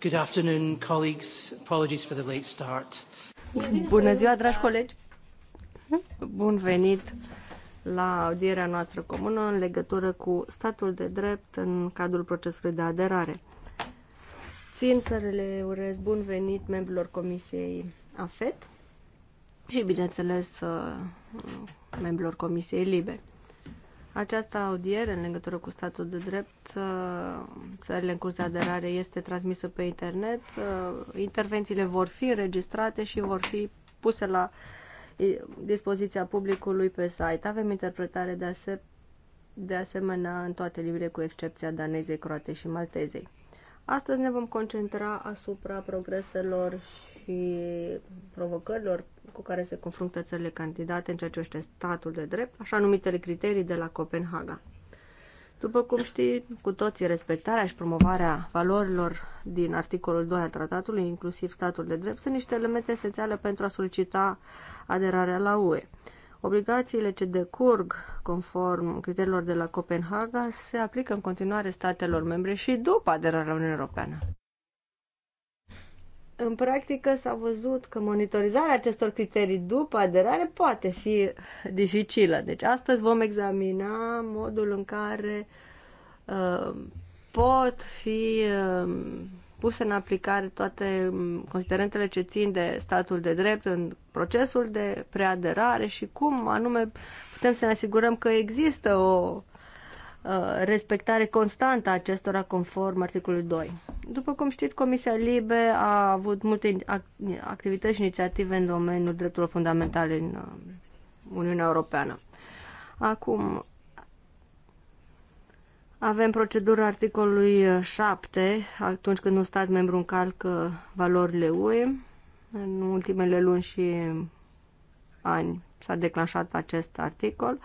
Good afternoon, colleagues. Apologies for the late start. Bună ziua, dragi colegi. Bun venit la audierea noastră comună în legătură cu statul de drept în cadrul procesului de aderare. Țin să le urez bun venit membrilor Comisiei AFET și, bineînțeles, uh, membrilor Comisiei LIBE. Această audiere în legătură cu statul de drept, uh, țările în curs de aderare, este transmisă pe internet. Uh, intervențiile vor fi înregistrate și vor fi puse la dispoziția publicului pe site. Avem interpretare de, ase- de asemenea în toate limbile, cu excepția danezei, croatei și maltezei. Astăzi ne vom concentra asupra progreselor și și provocărilor cu care se confruntă țările candidate în ceea ce este statul de drept, așa numitele criterii de la Copenhaga. După cum știi, cu toții respectarea și promovarea valorilor din articolul 2 al tratatului, inclusiv statul de drept, sunt niște elemente esențiale pentru a solicita aderarea la UE. Obligațiile ce decurg conform criteriilor de la Copenhaga se aplică în continuare statelor membre și după aderarea la Uniunea Europeană. În practică s-a văzut că monitorizarea acestor criterii după aderare poate fi dificilă. Deci astăzi vom examina modul în care uh, pot fi uh, puse în aplicare toate um, considerentele ce țin de statul de drept în procesul de preaderare și cum anume putem să ne asigurăm că există o Uh, respectare constantă a acestora conform articolului 2. După cum știți, Comisia Libe a avut multe activități și inițiative în domeniul drepturilor fundamentale în uh, Uniunea Europeană. Acum, avem procedura articolului 7, atunci când un stat membru încalcă valorile UE. În ultimele luni și ani s-a declanșat acest articol. Uh,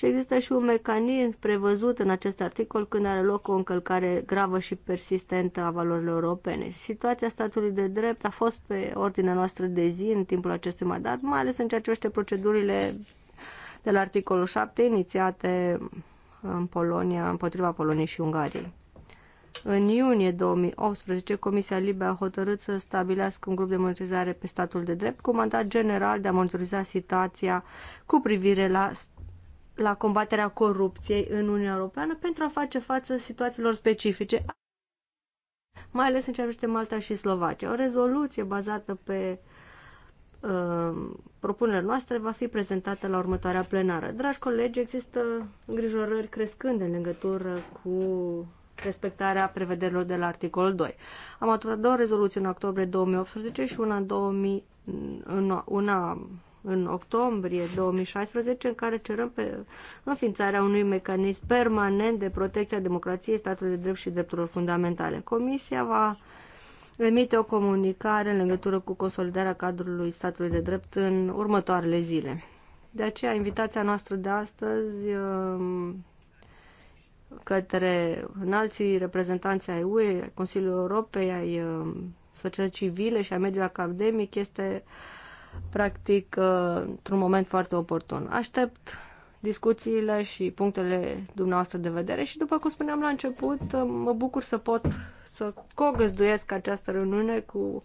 și există și un mecanism prevăzut în acest articol când are loc o încălcare gravă și persistentă a valorilor europene. Situația statului de drept a fost pe ordinea noastră de zi în timpul acestui mandat, mai ales în ceea ce privește procedurile de la articolul 7 inițiate în Polonia, împotriva Poloniei și Ungariei. În iunie 2018, Comisia Libe a hotărât să stabilească un grup de monitorizare pe statul de drept cu mandat general de a monitoriza situația cu privire la la combaterea corupției în Uniunea Europeană pentru a face față situațiilor specifice, mai ales în ceea ce Malta și Slovacia. O rezoluție bazată pe uh, propunerea noastră va fi prezentată la următoarea plenară. Dragi colegi, există îngrijorări crescând în legătură cu respectarea prevederilor de la articolul 2. Am adoptat două rezoluții în octombrie 2018 și una în 2000, una în octombrie 2016, în care cerăm pe înființarea unui mecanism permanent de protecție a democrației, statului de drept și drepturilor fundamentale. Comisia va emite o comunicare în legătură cu consolidarea cadrului statului de drept în următoarele zile. De aceea, invitația noastră de astăzi um, către înalții reprezentanți ai UE, Consiliul Europei, ai um, societății civile și a mediului academic este uh, practic, uh, într-un moment foarte oportun. Aștept discuțiile și punctele dumneavoastră de vedere și, după cum spuneam la început, uh, mă bucur să pot să cogăzduiesc această reuniune cu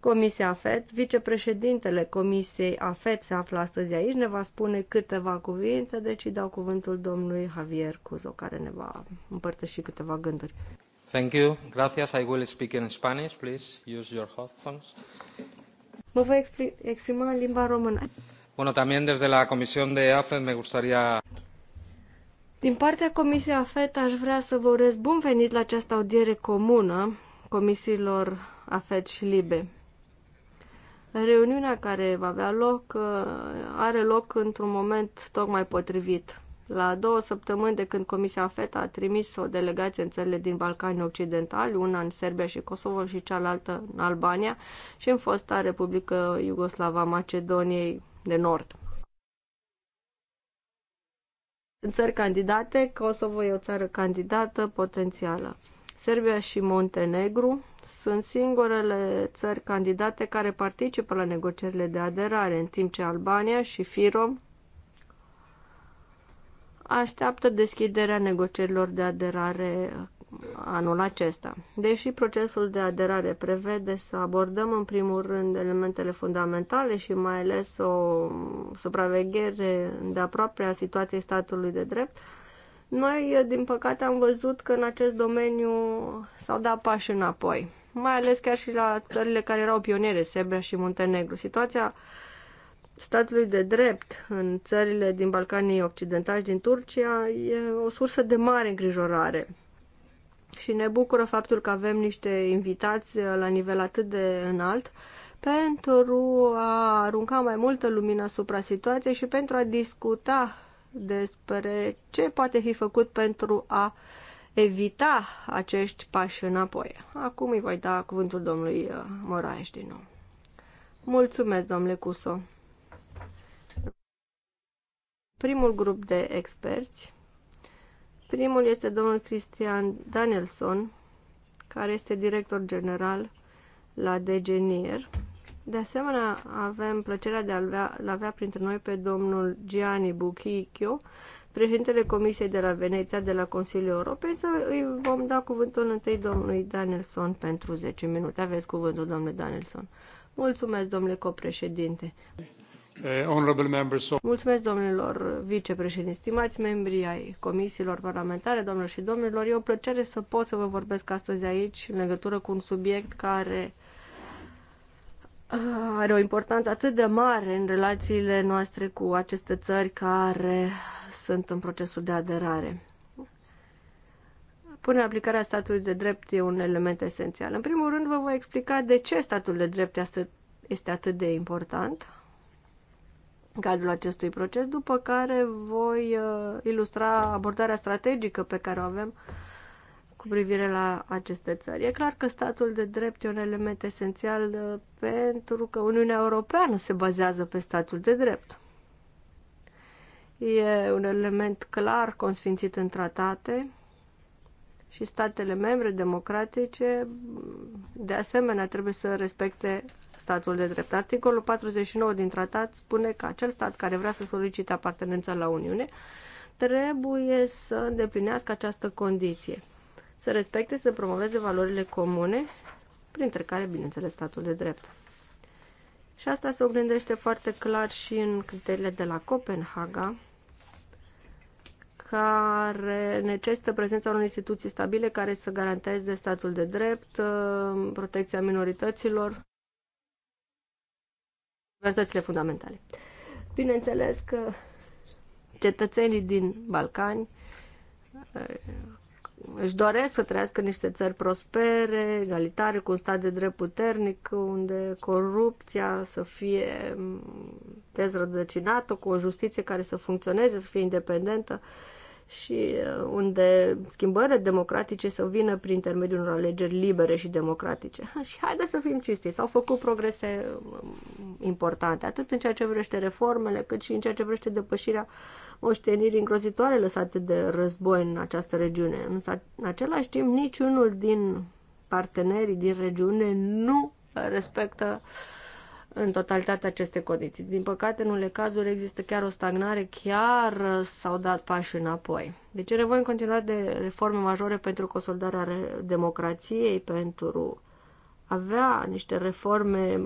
Comisia AFET. Vicepreședintele Comisiei AFET se află astăzi aici, ne va spune câteva cuvinte, deci îi dau cuvântul domnului Javier Cuzo, care ne va împărtăși câteva gânduri. Thank you. Gracias. I will speak in Spanish. Please use your headphones. Mă voi expri exprima în limba română. Bueno, también desde la Comisión de AFET me gustaría... Din partea Comisiei AFET aș vrea să vă urez bun venit la această audiere comună comisiilor AFET și LIBE. Reuniunea care va avea loc uh, are loc într-un moment tocmai potrivit. La două săptămâni de când Comisia FETA a trimis o delegație în țările din Balcanii Occidentali, una în Serbia și Kosovo și cealaltă în Albania și în fosta Republică Iugoslava Macedoniei de Nord. În țări candidate, Kosovo e o țară candidată potențială. Serbia și Montenegru sunt singurele țări candidate care participă la negocierile de aderare, în timp ce Albania și Firom așteaptă deschiderea negocierilor de aderare uh, anul acesta. Deși procesul de aderare prevede să abordăm în primul rând elementele fundamentale și mai ales o supraveghere de aproape a situației statului de drept, noi, uh, din păcate, am văzut că în acest domeniu s-au dat pași înapoi, mai ales chiar și la țările care erau pioniere, Serbia și Muntenegru. Situația statului de drept în țările din Balcanii Occidentali, din Turcia, e o sursă de mare îngrijorare. Și ne bucură faptul că avem niște invitați la nivel atât de înalt pentru a arunca mai multă lumină asupra situației și pentru a discuta despre ce poate fi făcut pentru a evita acești pași înapoi. Acum îi voi da cuvântul domnului uh, Moraes din nou. Mulțumesc, domnule Cuso primul grup de experți. Primul este domnul Cristian Danielson, care este director general la Degenier. De asemenea, avem plăcerea de a-l avea, avea printre noi pe domnul Gianni Buchicchio, președintele Comisiei de la Veneția de la Consiliul Europei, să îi vom da cuvântul întâi domnului Danielson pentru 10 minute. Aveți cuvântul, domnule Danielson. Mulțumesc, domnule copreședinte. Uh, Mulțumesc, domnilor vicepreședinți, stimați membri ai comisiilor parlamentare, domnilor și domnilor. E o plăcere să pot să vă vorbesc astăzi aici în legătură cu un subiect care uh, are o importanță atât de mare în relațiile noastre cu aceste țări care sunt în procesul de aderare. Până aplicarea statului de drept e un element esențial. În primul rând, vă voi explica de ce statul de drept este atât de important în cadrul acestui proces, după care voi uh, ilustra abordarea strategică pe care o avem cu privire la aceste țări. E clar că statul de drept e un element esențial uh, pentru că Uniunea Europeană se bazează pe statul de drept. E un element clar consfințit în tratate și statele membre democratice de asemenea trebuie să respecte statul de drept. Articolul 49 din tratat spune că acel stat care vrea să solicite apartenența la Uniune trebuie să îndeplinească această condiție, să respecte, să promoveze valorile comune, printre care, bineînțeles, statul de drept. Și asta se oglindește foarte clar și în criteriile de la Copenhaga, care necesită prezența unor instituții stabile care să garanteze statul de drept, protecția minorităților libertățile fundamentale. Bineînțeles că cetățenii din Balcani eh, își doresc să trăiască în niște țări prospere, egalitare, cu un stat de drept puternic, unde corupția să fie mm, dezrădăcinată, cu o justiție care să funcționeze, să fie independentă. Uh, și uh, unde schimbările democratice să vină prin intermediul unor alegeri libere și democratice. Și haideți să fim cinstiți, s-au făcut progrese um, importante, atât în ceea ce vrește reformele, cât și în ceea ce vrește depășirea moștenirii îngrozitoare lăsate de război în această regiune. Însă, în același timp, niciunul din partenerii din regiune nu respectă uh, în totalitate aceste condiții. Din păcate, în unele cazuri există chiar o stagnare, chiar uh, s-au dat pași înapoi. Deci e nevoie în continuare de reforme majore pentru consolidarea democrației, pentru a avea niște reforme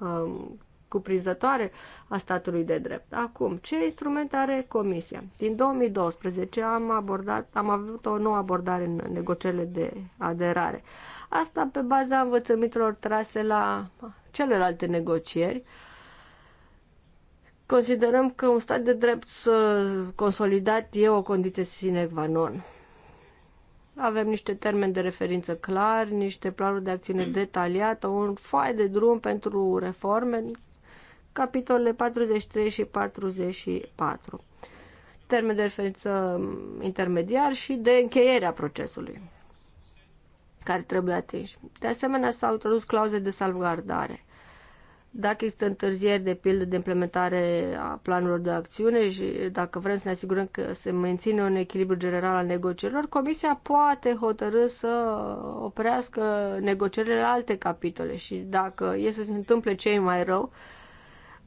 um, cuprinzătoare a statului de drept. Acum, ce instrumente are Comisia? Din 2012 am abordat, am avut o nouă abordare în negocierile de aderare. Asta pe baza învățămintelor trase la celelalte negocieri. Considerăm că un stat de drept consolidat e o condiție sine qua non. Avem niște termeni de referință clar, niște planuri de acțiune mm. detaliată, un foaie de drum pentru reforme, capitolele 43 și 44. Termen de referință intermediar și de încheiere a procesului care trebuie atinși. De asemenea, s-au introdus clauze de salvgardare. Dacă există întârzieri, de pildă, de implementare a planurilor de acțiune și dacă vrem să ne asigurăm că se menține un echilibru general al negocierilor, Comisia poate hotărâ să oprească negocierile la alte capitole și dacă e să se întâmple cei mai rău,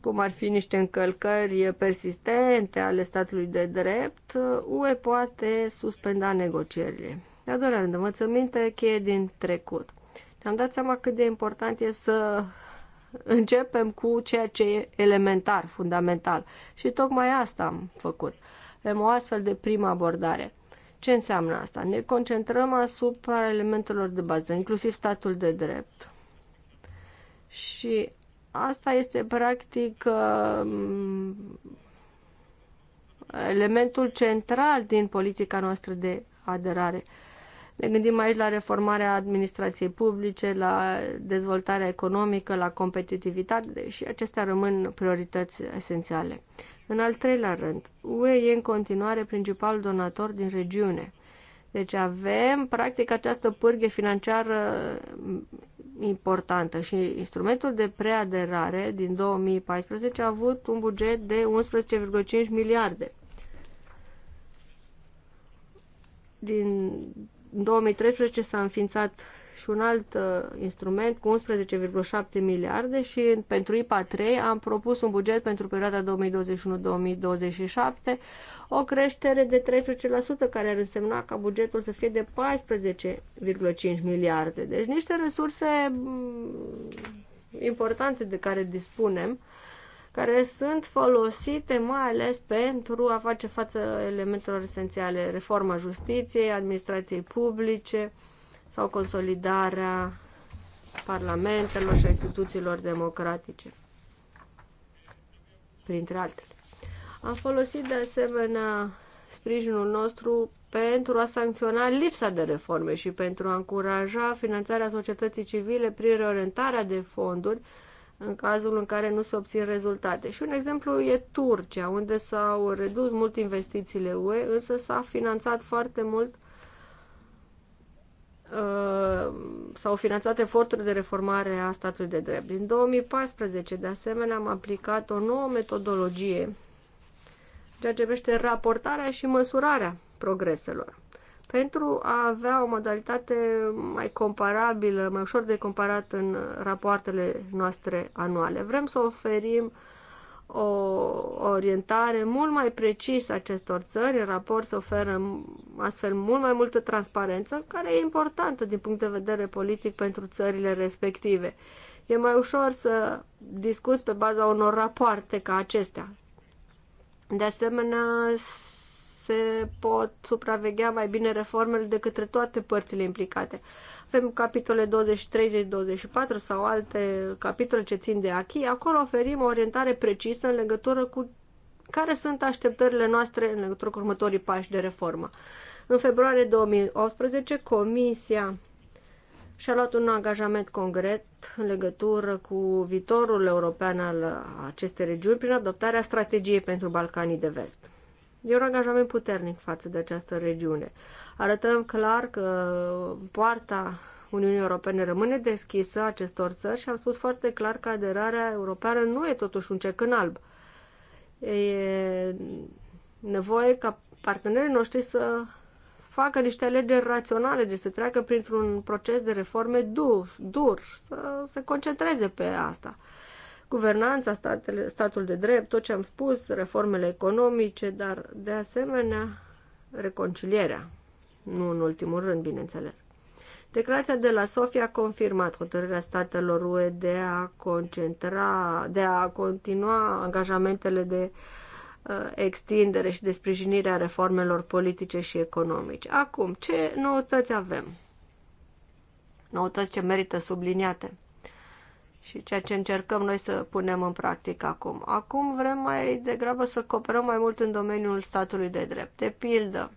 cum ar fi niște încălcări persistente ale statului de drept, UE poate suspenda negocierile. De a doilea rând, învățăminte cheie din trecut. Ne-am dat seama cât de important e să începem cu ceea ce e elementar, fundamental. Și tocmai asta am făcut. Avem o astfel de primă abordare. Ce înseamnă asta? Ne concentrăm asupra elementelor de bază, inclusiv statul de drept. Și asta este practic um, elementul central din politica noastră de aderare. Ne gândim aici la reformarea administrației publice, la dezvoltarea economică, la competitivitate și acestea rămân priorități esențiale. În al treilea rând, UE e în continuare principal donator din regiune. Deci avem, practic, această pârghie financiară importantă și instrumentul de preaderare din 2014 a avut un buget de 11,5 miliarde. Din în 2013 s-a înființat și un alt uh, instrument cu 11,7 miliarde și pentru IPA 3 am propus un buget pentru perioada 2021-2027, o creștere de 13% care ar însemna ca bugetul să fie de 14,5 miliarde. Deci niște resurse mm, importante de care dispunem care sunt folosite mai ales pentru a face față elementelor esențiale, reforma justiției, administrației publice sau consolidarea parlamentelor și instituțiilor democratice, printre altele. Am folosit de asemenea sprijinul nostru pentru a sancționa lipsa de reforme și pentru a încuraja finanțarea societății civile prin reorientarea de fonduri în cazul în care nu se obțin rezultate. Și un exemplu e Turcia, unde s-au redus mult investițiile UE, însă s-a finanțat foarte mult uh, s-au finanțat eforturi de reformare a statului de drept. Din 2014, de asemenea, am aplicat o nouă metodologie ceea ce privește raportarea și măsurarea progreselor pentru a avea o modalitate mai comparabilă, mai ușor de comparat în rapoartele noastre anuale. Vrem să oferim o orientare mult mai precisă acestor țări. În raport să oferă astfel mult mai multă transparență, care e importantă din punct de vedere politic pentru țările respective. E mai ușor să discuți pe baza unor rapoarte ca acestea. De asemenea, se pot supraveghea mai bine reformele de către toate părțile implicate. Avem capitole 20, 30, 24 sau alte capitole ce țin de achi. Acolo oferim o orientare precisă în legătură cu care sunt așteptările noastre în legătură cu următorii pași de reformă. În februarie 2018, Comisia și-a luat un angajament concret în legătură cu viitorul european al acestei regiuni prin adoptarea strategiei pentru Balcanii de Vest. E un angajament puternic față de această regiune. Arătăm clar că poarta Uniunii Europene rămâne deschisă acestor țări și am spus foarte clar că aderarea europeană nu e totuși un cec în alb. E nevoie ca partenerii noștri să facă niște alegeri raționale, deci să treacă printr-un proces de reforme dur, dur să se concentreze pe asta guvernanța, statele, statul de drept, tot ce am spus, reformele economice, dar de asemenea reconcilierea, nu în ultimul rând, bineînțeles. Declarația de la Sofia a confirmat hotărârea statelor UE de a concentra, de a continua angajamentele de uh, extindere și de sprijinire a reformelor politice și economice. Acum, ce noutăți avem? Noutăți ce merită subliniate și ceea ce încercăm noi să punem în practică acum. Acum vrem mai degrabă să cooperăm mai mult în domeniul statului de drept. De pildă,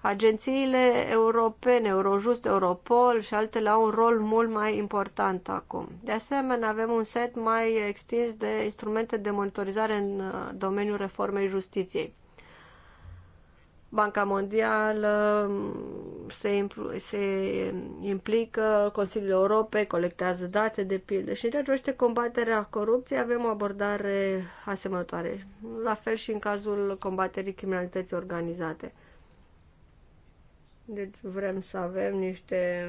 agențiile europene, Eurojust, Europol și altele au un rol mult mai important acum. De asemenea, avem un set mai extins de instrumente de monitorizare în uh, domeniul reformei justiției. Banca Mondială mm, se, impl- se implică, Consiliul Europei colectează date de pildă și în ceea ce combaterea corupției avem o abordare asemănătoare, la fel și în cazul combaterii criminalității organizate. Deci vrem să avem niște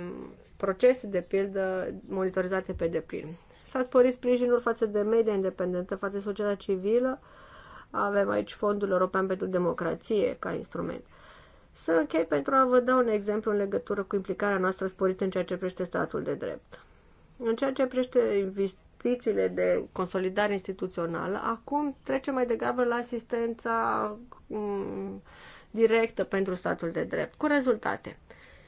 procese de pildă monitorizate pe deplin. S-a sporit sprijinul față de media independentă, față de societatea civilă, avem aici Fondul European pentru Democrație ca instrument. Să închei pentru a vă da un exemplu în legătură cu implicarea noastră sporită în ceea ce privește statul de drept. În ceea ce privește investițiile de consolidare instituțională, acum trecem mai degrabă la asistența mm, directă pentru statul de drept, cu rezultate.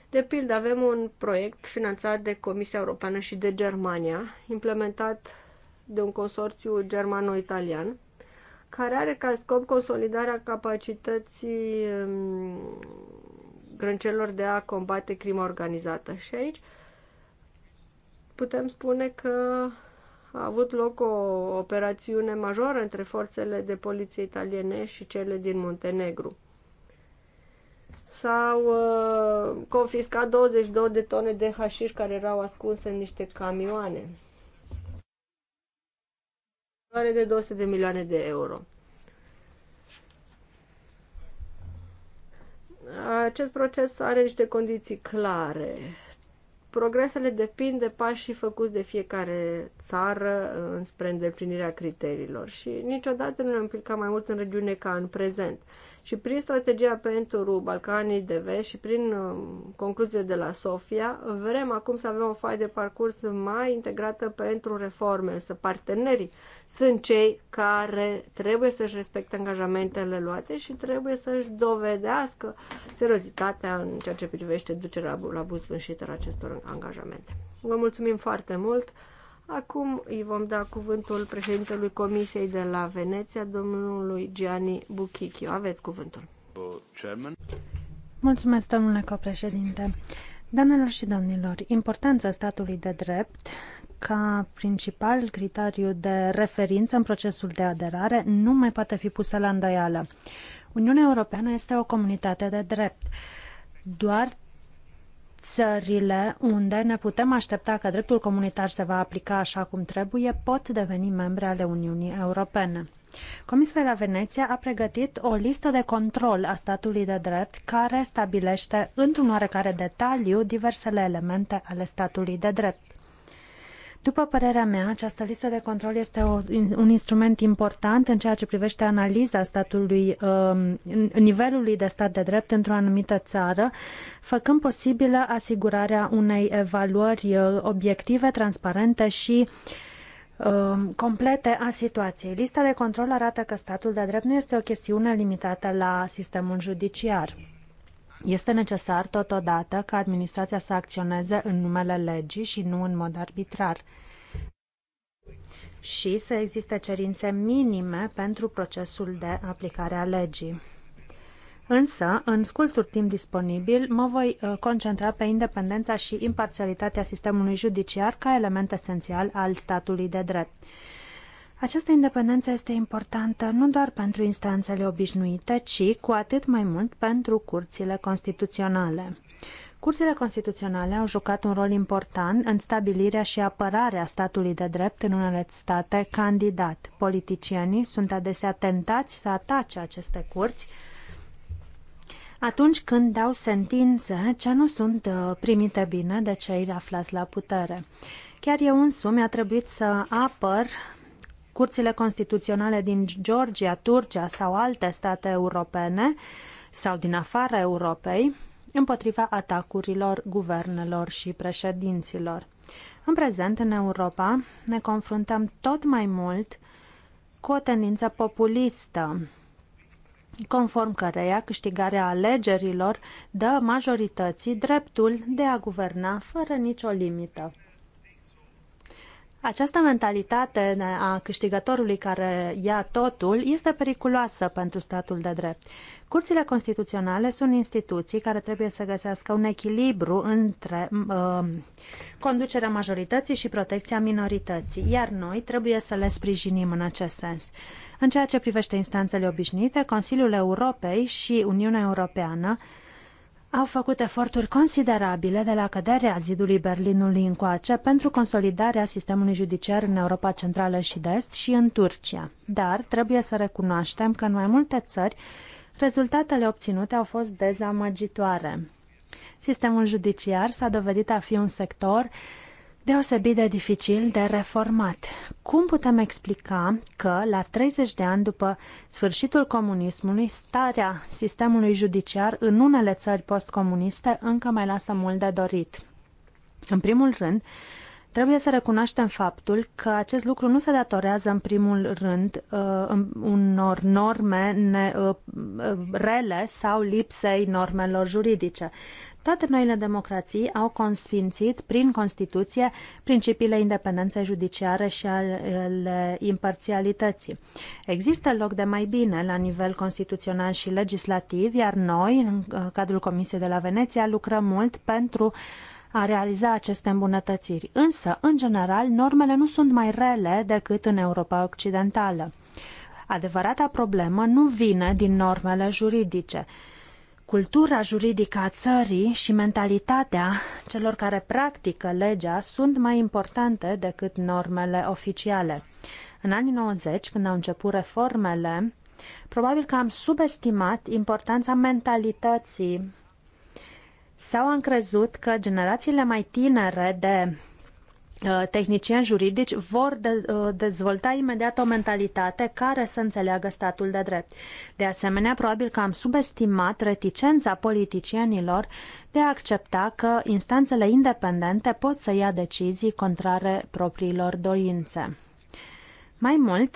De pildă, avem un proiect finanțat de Comisia Europeană și de Germania, implementat de un consorțiu germano-italian, care are ca scop consolidarea capacității um, grâncelor de a combate crima organizată. Și aici putem spune că a avut loc o operațiune majoră între forțele de poliție italiene și cele din Muntenegru. S-au uh, confiscat 22 de tone de hașiș care erau ascunse în niște camioane valoare de 200 de milioane de euro. Acest proces are niște condiții clare. Progresele depind de pașii făcuți de fiecare țară înspre îndeplinirea criteriilor și niciodată nu ne-am implicat mai mult în regiune ca în prezent. Și prin strategia pentru Balcanii de Vest și prin uh, concluziile de la Sofia, vrem acum să avem o foaie de parcurs mai integrată pentru reforme, Însă partenerii sunt cei care trebuie să-și respecte angajamentele luate și trebuie să-și dovedească seriozitatea în ceea ce privește ducerea la bun sfârșit acestor angajamente. Vă mulțumim foarte mult! Acum îi vom da cuvântul președintelui Comisiei de la Veneția, domnului Gianni Buchichio. Aveți cuvântul. Mulțumesc, domnule copreședinte. Doamnelor și domnilor, importanța statului de drept ca principal criteriu de referință în procesul de aderare nu mai poate fi pusă la îndoială. Uniunea Europeană este o comunitate de drept. Doar țările unde ne putem aștepta că dreptul comunitar se va aplica așa cum trebuie pot deveni membre ale Uniunii Europene. Comisia de la Veneția a pregătit o listă de control a statului de drept care stabilește într-un oarecare detaliu diversele elemente ale statului de drept. După părerea mea, această listă de control este o, un instrument important în ceea ce privește analiza statului, um, nivelului de stat de drept într-o anumită țară, făcând posibilă asigurarea unei evaluări uh, obiective, transparente și um, complete a situației. Lista de control arată că statul de drept nu este o chestiune limitată la sistemul judiciar. Este necesar totodată ca administrația să acționeze în numele legii și nu în mod arbitrar și să existe cerințe minime pentru procesul de aplicare a legii. Însă, în scurtul timp disponibil, mă voi uh, concentra pe independența și imparțialitatea sistemului judiciar ca element esențial al statului de drept. Această independență este importantă nu doar pentru instanțele obișnuite, ci cu atât mai mult pentru curțile constituționale. Curțile constituționale au jucat un rol important în stabilirea și apărarea statului de drept în unele state candidat. Politicienii sunt adesea tentați să atace aceste curți atunci când dau sentințe ce nu sunt uh, primite bine de cei aflați la putere. Chiar eu însumi a trebuit să apăr curțile constituționale din Georgia, Turcia sau alte state europene sau din afara Europei împotriva atacurilor guvernelor și președinților. În prezent, în Europa, ne confruntăm tot mai mult cu o tendință populistă, conform căreia câștigarea alegerilor dă majorității dreptul de a guverna fără nicio limită. Această mentalitate a câștigătorului care ia totul este periculoasă pentru statul de drept. Curțile constituționale sunt instituții care trebuie să găsească un echilibru între uh, conducerea majorității și protecția minorității, iar noi trebuie să le sprijinim în acest sens. În ceea ce privește instanțele obișnuite, Consiliul Europei și Uniunea Europeană uh, au făcut eforturi considerabile de la căderea zidului Berlinului încoace pentru consolidarea sistemului judiciar în Europa Centrală și de Est și în Turcia. Dar trebuie să recunoaștem că în mai multe țări rezultatele obținute au fost dezamăgitoare. Sistemul judiciar s-a dovedit a fi un sector deosebit de dificil de reformat. Cum putem explica că, la 30 de ani după sfârșitul comunismului, starea sistemului judiciar în unele țări postcomuniste încă mai lasă mult de dorit? În primul rând, Trebuie să recunoaștem faptul că acest lucru nu se datorează în primul rând uh, unor norme ne, uh, uh, rele sau lipsei normelor juridice. Toate noile democrații au consfințit prin Constituție principiile independenței judiciare și ale imparțialității. Există loc de mai bine la nivel constituțional și legislativ, iar noi, în cadrul Comisiei de la Veneția, lucrăm mult pentru a realiza aceste îmbunătățiri. Însă, în general, normele nu sunt mai rele decât în Europa Occidentală. Adevărata problemă nu vine din normele juridice, Cultura juridică a țării și mentalitatea celor care practică legea sunt mai importante decât normele oficiale. În anii 90, când au început reformele, probabil că am subestimat importanța mentalității sau am crezut că generațiile mai tinere de Uh, tehnicieni juridici vor uh, dezvolta imediat o mentalitate care să înțeleagă statul de drept. De asemenea, probabil că am subestimat reticența politicienilor de a accepta că instanțele independente pot să ia decizii contrare propriilor dorințe. Mai mult,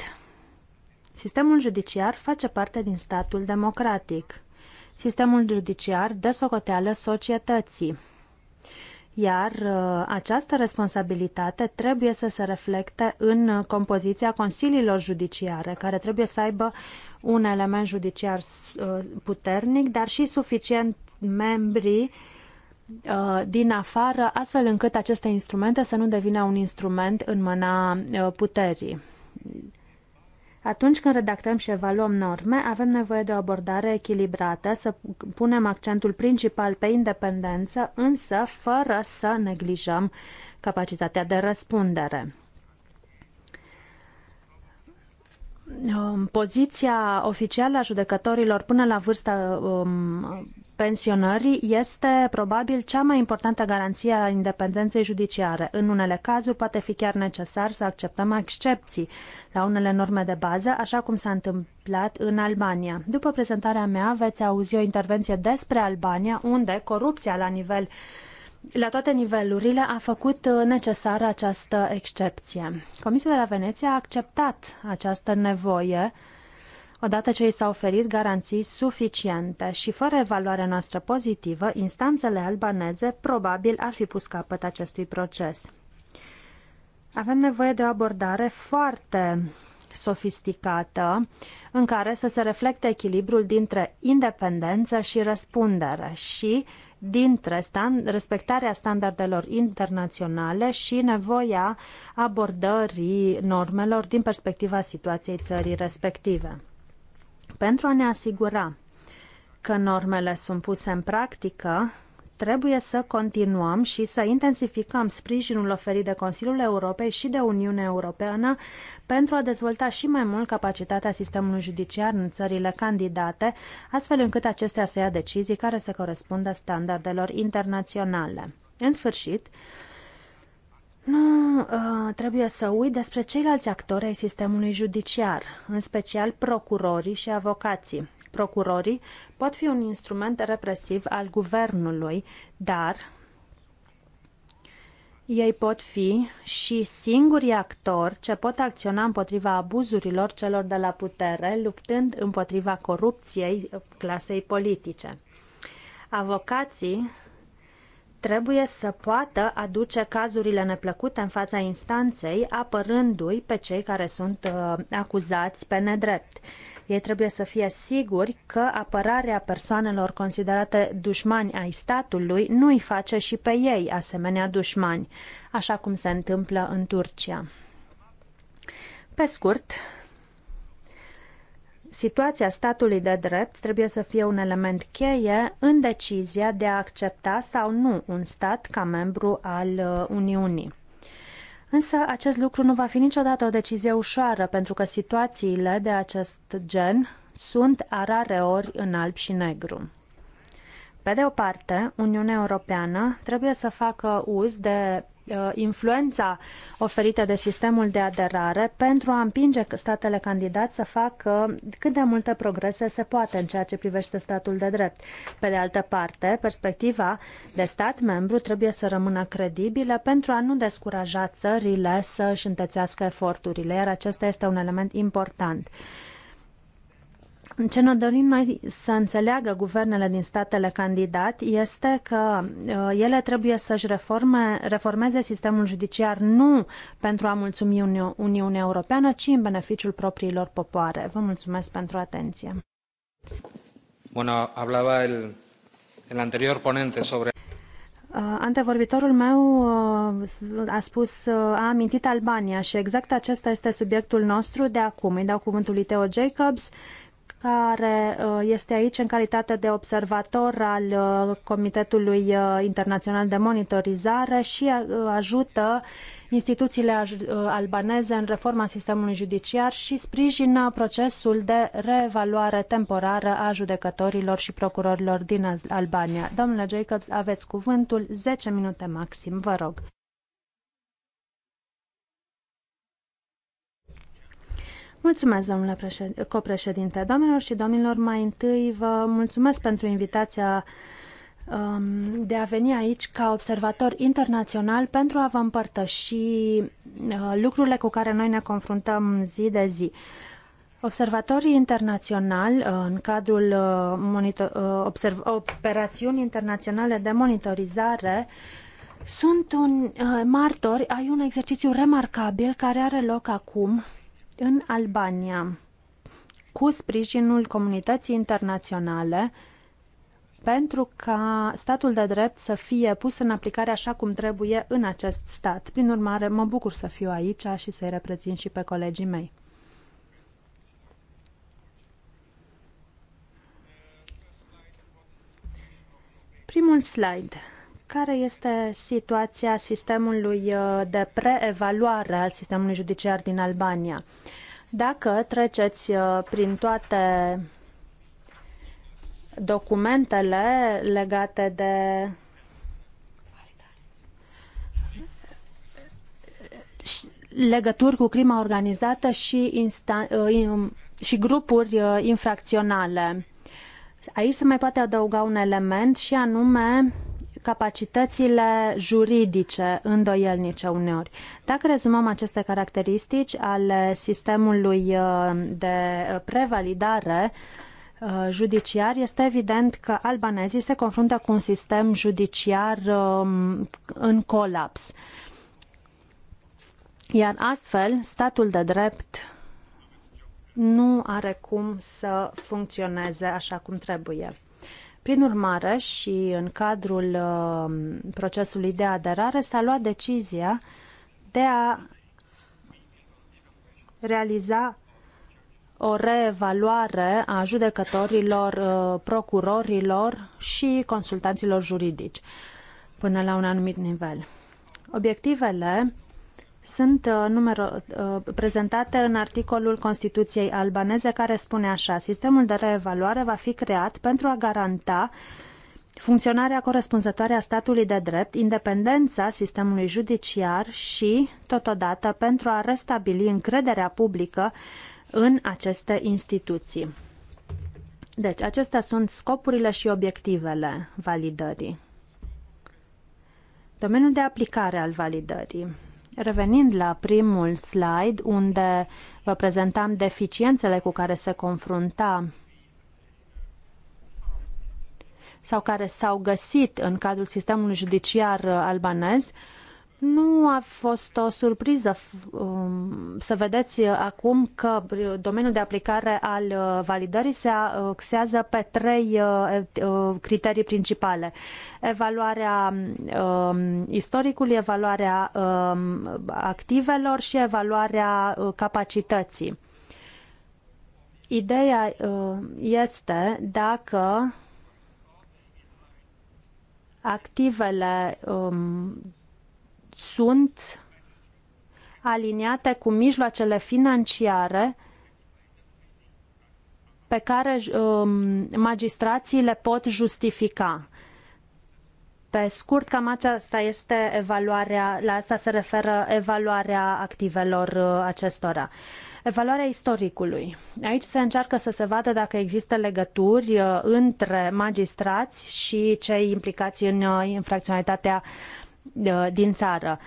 sistemul judiciar face parte din statul democratic. Sistemul judiciar dă socoteală societății iar uh, această responsabilitate trebuie să se reflecte în uh, compoziția consiliilor judiciare, care trebuie să aibă un element judiciar uh, puternic, dar și suficient membri din afară, astfel încât aceste instrumente să nu devină un instrument în mâna puterii. Atunci când redactăm și evaluăm norme, avem nevoie de o abordare echilibrată, să punem accentul principal pe independență, însă fără să neglijăm capacitatea de răspundere. Um, poziția oficială a judecătorilor până la vârsta um, pensionării este probabil cea mai importantă garanție a independenței judiciare. În unele cazuri poate fi chiar necesar să acceptăm excepții la unele norme de bază, așa cum s-a întâmplat în Albania. După prezentarea mea veți auzi o intervenție despre Albania, unde corupția la nivel uh, la toate nivelurile a făcut uh, necesară această excepție. Comisia de la Veneția a acceptat această nevoie odată ce i s-au oferit garanții suficiente și fără evaluarea noastră pozitivă, instanțele albaneze probabil ar fi pus capăt acestui proces. Avem nevoie de o abordare foarte sofisticată în care să se reflecte echilibrul dintre independență și răspundere și dintre stand, respectarea standardelor internaționale și nevoia abordării normelor din perspectiva situației țării respective. Pentru a ne asigura că normele sunt puse în practică, trebuie să continuăm și să intensificăm sprijinul oferit de Consiliul Europei și de Uniunea Europeană pentru a dezvolta și mai mult capacitatea sistemului judiciar în țările candidate, astfel încât acestea să ia decizii care să corespundă standardelor internaționale. În sfârșit, nu uh, trebuie să uit despre ceilalți actori ai sistemului judiciar, în special procurorii și avocații procurorii pot fi un instrument represiv al guvernului, dar ei pot fi și singurii actori ce pot acționa împotriva abuzurilor celor de la putere, luptând împotriva corupției clasei politice. Avocații trebuie să poată aduce cazurile neplăcute în fața instanței, apărându-i pe cei care sunt uh, acuzați pe nedrept. Ei trebuie să fie siguri că apărarea persoanelor considerate dușmani ai statului nu îi face și pe ei asemenea dușmani, așa cum se întâmplă în Turcia. Pe scurt, situația statului de drept trebuie să fie un element cheie în decizia de a accepta sau nu un stat ca membru al uh, Uniunii. Însă acest lucru nu va fi niciodată o decizie ușoară, pentru că situațiile de acest gen sunt rare ori în alb și negru. Pe de o parte, Uniunea Europeană trebuie să facă uz de Uh, influența oferită de sistemul de aderare pentru a împinge statele candidat să facă cât de multe progrese se poate în ceea ce privește statul de drept. Pe de altă parte, perspectiva de stat membru trebuie să rămână credibilă pentru a nu descuraja țările să își întețească eforturile, iar acesta este un element important. Ce ne dorim noi să înțeleagă guvernele din statele candidat este că uh, ele trebuie să-și reforme, reformeze sistemul judiciar nu pentru a mulțumi Uni- Uniunea Europeană, ci în beneficiul propriilor popoare. Vă mulțumesc pentru atenție. Bueno, hablaba el, el anterior ponente sobre... Uh, antevorbitorul meu uh, a spus, a amintit Albania și exact acesta este subiectul nostru de acum. Îi dau cuvântul lui Theo Jacobs care uh, este aici în calitate de observator al uh, Comitetului uh, Internațional de Monitorizare și ajută instituțiile albaneze în reforma sistemului judiciar și sprijină procesul de reevaluare temporară a judecătorilor și procurorilor din Albania. Domnule Jacobs, aveți cuvântul 10 minute maxim, vă rog. Mulțumesc, domnule președ... copreședinte. Doamnelor și domnilor, mai întâi vă mulțumesc pentru invitația um, de a veni aici ca observator internațional pentru a vă împărtăși uh, lucrurile cu care noi ne confruntăm zi de zi. Observatorii internaționali, uh, în cadrul uh, monitor, uh, operațiuni internaționale de monitorizare, sunt un martor ai un exercițiu remarcabil care are loc acum în Albania cu sprijinul comunității internaționale pentru ca statul de drept să fie pus în aplicare așa cum trebuie în acest stat. Prin urmare, mă bucur să fiu aici și să-i reprezint și pe colegii mei. Primul slide. Care este situația sistemului uh, de preevaluare al sistemului judiciar din Albania? Dacă treceți uh, prin toate documentele legate de legături cu crima organizată și, insta, uh, și grupuri infracționale. Aici se mai poate adăuga un element și anume capacitățile juridice îndoielnice uneori. Dacă rezumăm aceste caracteristici ale sistemului uh, de prevalidare, uh, judiciar, este evident că albanezii se confruntă cu un sistem judiciar um, în colaps. Iar astfel, statul de drept nu are cum să funcționeze așa cum trebuie. Prin urmare și în cadrul uh, procesului de aderare s-a luat decizia de a realiza o reevaluare a judecătorilor, uh, procurorilor și consultanților juridici până la un anumit nivel. Obiectivele sunt uh, numero, uh, prezentate în articolul Constituției albaneze care spune așa Sistemul de reevaluare va fi creat pentru a garanta funcționarea corespunzătoare a statului de drept, independența sistemului judiciar și, totodată, pentru a restabili încrederea publică în aceste instituții. Deci, acestea sunt scopurile și obiectivele validării. Domeniul de aplicare al validării. Revenind la primul slide, unde vă prezentam deficiențele cu care se confrunta sau care s-au găsit în cadrul sistemului judiciar albanez, nu a fost o surpriză um, să vedeți acum că domeniul de aplicare al uh, validării se uh, axează pe trei uh, criterii principale. Evaluarea um, istoricului, evaluarea um, activelor și evaluarea capacității. Ideea este dacă activele sunt aliniate cu mijloacele financiare pe care um, magistrații le pot justifica. Pe scurt, cam aceasta este evaluarea, la asta se referă evaluarea activelor uh, acestora. Evaluarea istoricului. Aici se încearcă să se vadă dacă există legături uh, între magistrați și cei implicați în uh, infracționalitatea din țară.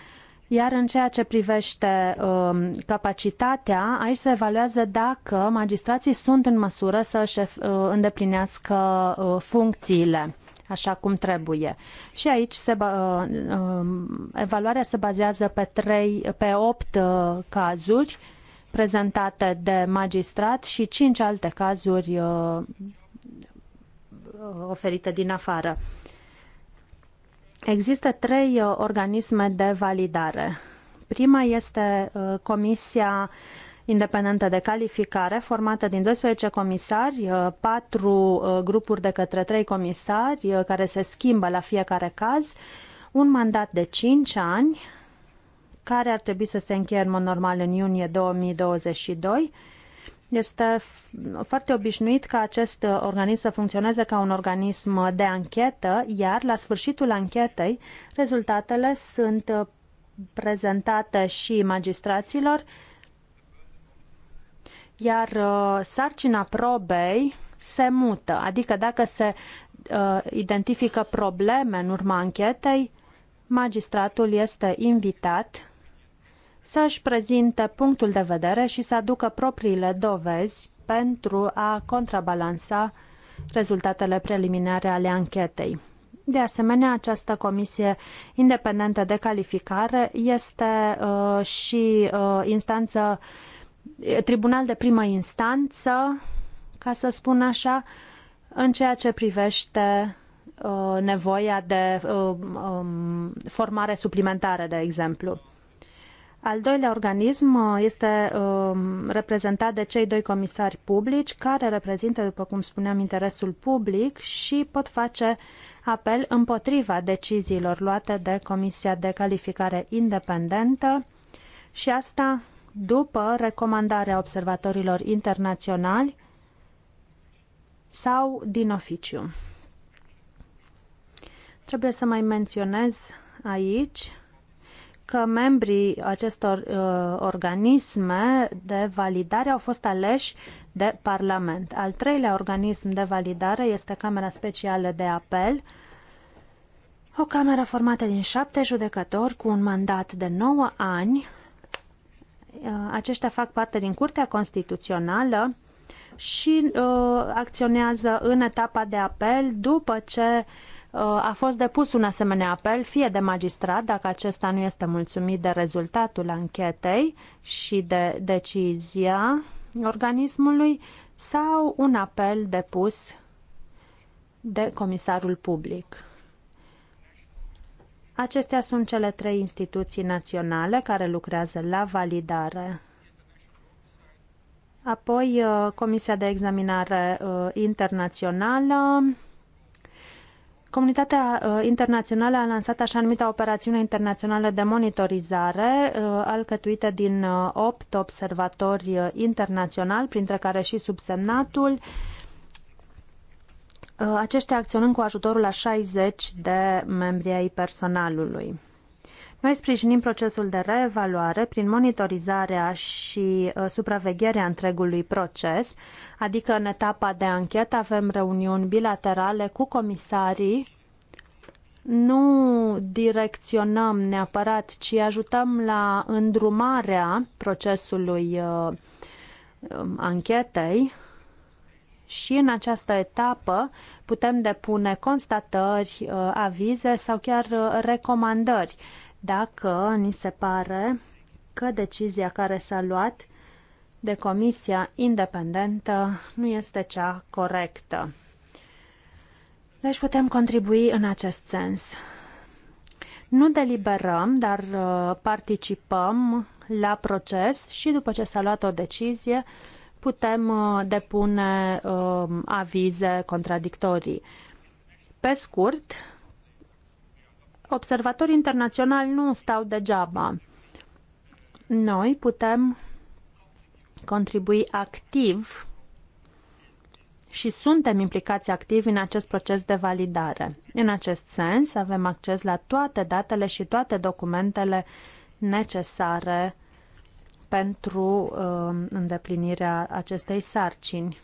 Iar în ceea ce privește um, capacitatea, aici se evaluează dacă magistrații sunt în măsură să își uh, îndeplinească uh, funcțiile așa cum trebuie. Și aici se, uh, um, evaluarea se bazează pe, trei, pe opt uh, cazuri prezentate de magistrat și cinci alte cazuri uh, oferite din afară. Uh, Există trei uh, organisme de validare. Prima este uh, Comisia independentă de calificare, formată din 12 comisari, 4 uh, grupuri de către 3 comisari, care se schimbă la fiecare caz, un mandat de 5 ani, care ar trebui să se încheie în mod normal în iunie 2022 este foarte obișnuit ca acest uh, organism să funcționeze ca un organism uh, de anchetă, iar la sfârșitul anchetei rezultatele sunt uh, prezentate și magistraților, iar sarcina probei se mută, adică dacă se uh, identifică probleme în urma anchetei, magistratul este invitat să-și prezinte punctul de vedere și să aducă propriile dovezi pentru a contrabalansa rezultatele preliminare ale anchetei. De asemenea, această comisie independentă de calificare este uh, și uh, instanță, tribunal de primă instanță, ca să spun așa, în ceea ce privește uh, nevoia de uh, um, formare suplimentară, de exemplu. Al doilea organism uh, este um, reprezentat de cei doi comisari publici, care reprezintă, după cum spuneam, interesul public și pot face apel împotriva deciziilor luate de Comisia de Calificare Independentă și asta după recomandarea observatorilor internaționali sau din oficiu. Trebuie să mai menționez aici că membrii acestor uh, organisme de validare au fost aleși de Parlament. Al treilea organism de validare este Camera Specială de Apel, o cameră formată din șapte judecători cu un mandat de 9 ani. Uh, aceștia fac parte din Curtea Constituțională și uh, acționează în etapa de apel după ce uh, Uh, a fost depus un asemenea apel fie de magistrat, dacă acesta nu este mulțumit de rezultatul anchetei și de decizia organismului, sau un apel depus de comisarul public. Acestea sunt cele trei instituții naționale care lucrează la validare. Apoi, uh, Comisia de Examinare uh, Internațională, Comunitatea uh, internațională a lansat așa numita operațiune internațională de monitorizare, uh, alcătuită din uh, opt observatori internaționali, printre care și subsemnatul, aceștia acționând cu ajutorul a 60 de membri ai personalului. Noi sprijinim procesul de reevaluare prin monitorizarea și uh, supravegherea întregului proces, adică în etapa de anchetă avem reuniuni bilaterale cu comisarii nu direcționăm neapărat, ci ajutăm la îndrumarea procesului uh, um, anchetei și în această etapă putem depune constatări, uh, avize sau chiar uh, recomandări dacă ni se pare că decizia care s-a luat de comisia independentă nu este cea corectă. Deci putem contribui în acest sens. Nu deliberăm, dar uh, participăm la proces și după ce s-a luat o decizie putem uh, depune uh, avize contradictorii. Pe scurt, observatorii internaționali nu stau degeaba. Noi putem contribui activ și suntem implicați activ în acest proces de validare. În acest sens, avem acces la toate datele și toate documentele necesare pentru uh, îndeplinirea acestei sarcini.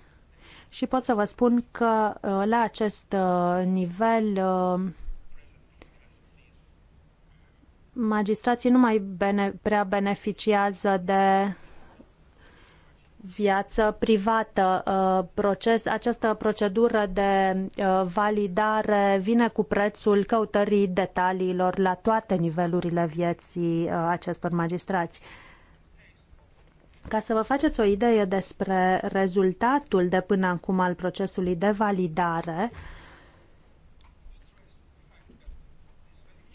Și pot să vă spun că uh, la acest uh, nivel uh, magistrații nu mai bene, prea beneficiază de viață privată. Uh, proces, această procedură de uh, validare vine cu prețul căutării detaliilor la toate nivelurile vieții uh, acestor magistrați. Ca să vă faceți o idee despre rezultatul de până acum al procesului de validare, uh,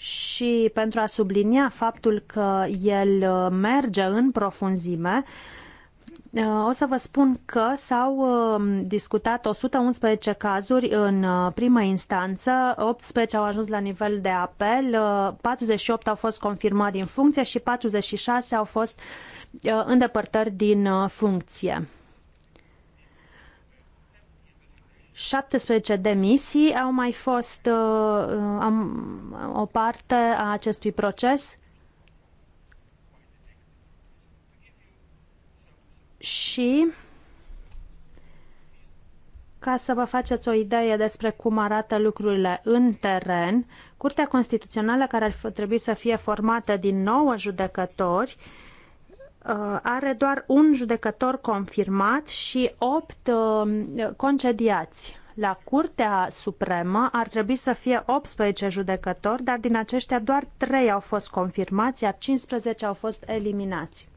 și pentru a sublinia faptul că el uh, merge în profunzime, uh, o să vă spun că s-au um, discutat 111 cazuri în uh, primă instanță, 18 au ajuns la nivel de apel, 48 au fost confirmați în funcție și 46 au fost îndepărtări din funcție. 17 demisii au mai fost um, o parte a acestui proces și ca să vă faceți o idee despre cum arată lucrurile în teren, Curtea Constituțională, care ar trebui să fie formată din 9 judecători, uh, Uh, are doar un judecător confirmat și opt uh, concediați. La Curtea Supremă ar trebui să fie 18 judecători, dar din aceștia doar 3 au fost confirmați, iar 15 au fost eliminați.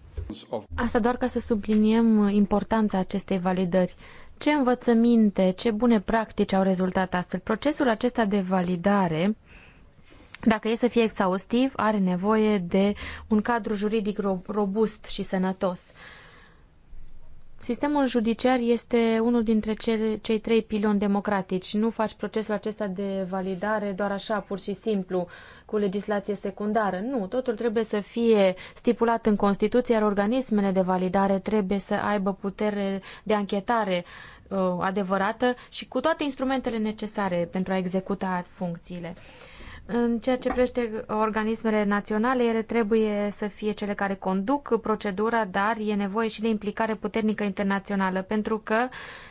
Asta doar ca să subliniem importanța acestei validări. Ce învățăminte, ce bune practici au rezultat astfel? Procesul acesta de validare dacă e să fie exhaustiv, are nevoie de un cadru juridic robust și sănătos. Sistemul judiciar este unul dintre cele, cei trei piloni democratici. Nu faci procesul acesta de validare doar așa, pur și simplu, cu legislație secundară. Nu, totul trebuie să fie stipulat în Constituție, iar organismele de validare trebuie să aibă putere de anchetare uh, adevărată și cu toate instrumentele necesare pentru a executa funcțiile. Uh, în ceea ce prește organismele naționale, ele trebuie să fie cele care conduc procedura, dar e nevoie și de implicare puternică internațională, pentru că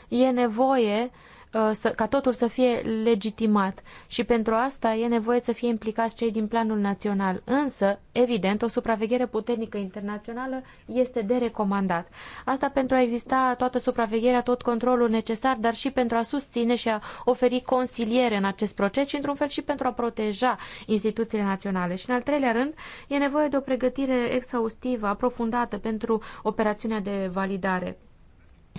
e nevoie uh, Uh, ca totul să fie legitimat și pentru asta e nevoie să fie implicați cei din planul național. Însă, evident, o supraveghere puternică internațională este de recomandat. Asta pentru a exista toată supravegherea, tot controlul necesar, dar și pentru a susține și a oferi consiliere în acest proces și, într-un fel, și pentru a proteja instituțiile naționale. Și, în al treilea rând, e nevoie de o pregătire exhaustivă, aprofundată pentru operațiunea de validare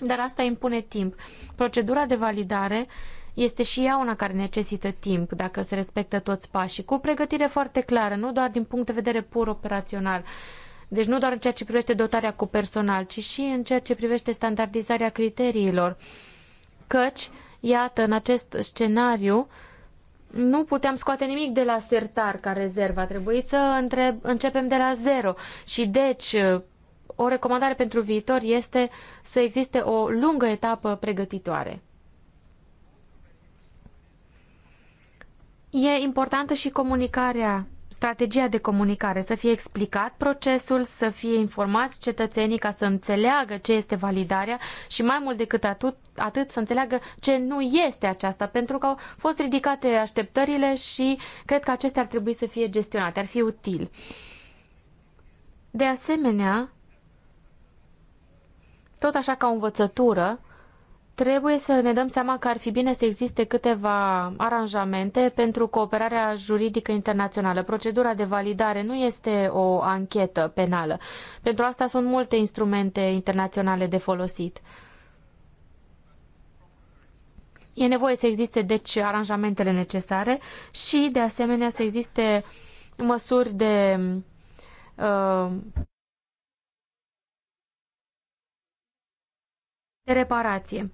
dar asta impune timp. Procedura de validare este și ea una care necesită timp dacă se respectă toți pașii, cu o pregătire foarte clară, nu doar din punct de vedere pur operațional, deci nu doar în ceea ce privește dotarea cu personal, ci și în ceea ce privește standardizarea criteriilor. Căci, iată, în acest scenariu, nu puteam scoate nimic de la sertar ca rezervă. A trebuit să întreb, începem de la zero. Și deci, o recomandare pentru viitor este să existe o lungă etapă pregătitoare. E importantă și comunicarea, strategia de comunicare, să fie explicat procesul, să fie informați cetățenii ca să înțeleagă ce este validarea și mai mult decât atât, atât să înțeleagă ce nu este aceasta, pentru că au fost ridicate așteptările și cred că acestea ar trebui să fie gestionate, ar fi util. De asemenea, tot așa ca o învățătură, trebuie să ne dăm seama că ar fi bine să existe câteva aranjamente pentru cooperarea juridică internațională. Procedura de validare nu este o anchetă penală. Pentru asta sunt multe instrumente internaționale de folosit. E nevoie să existe, deci, aranjamentele necesare și, de asemenea, să existe măsuri de uh, de reparație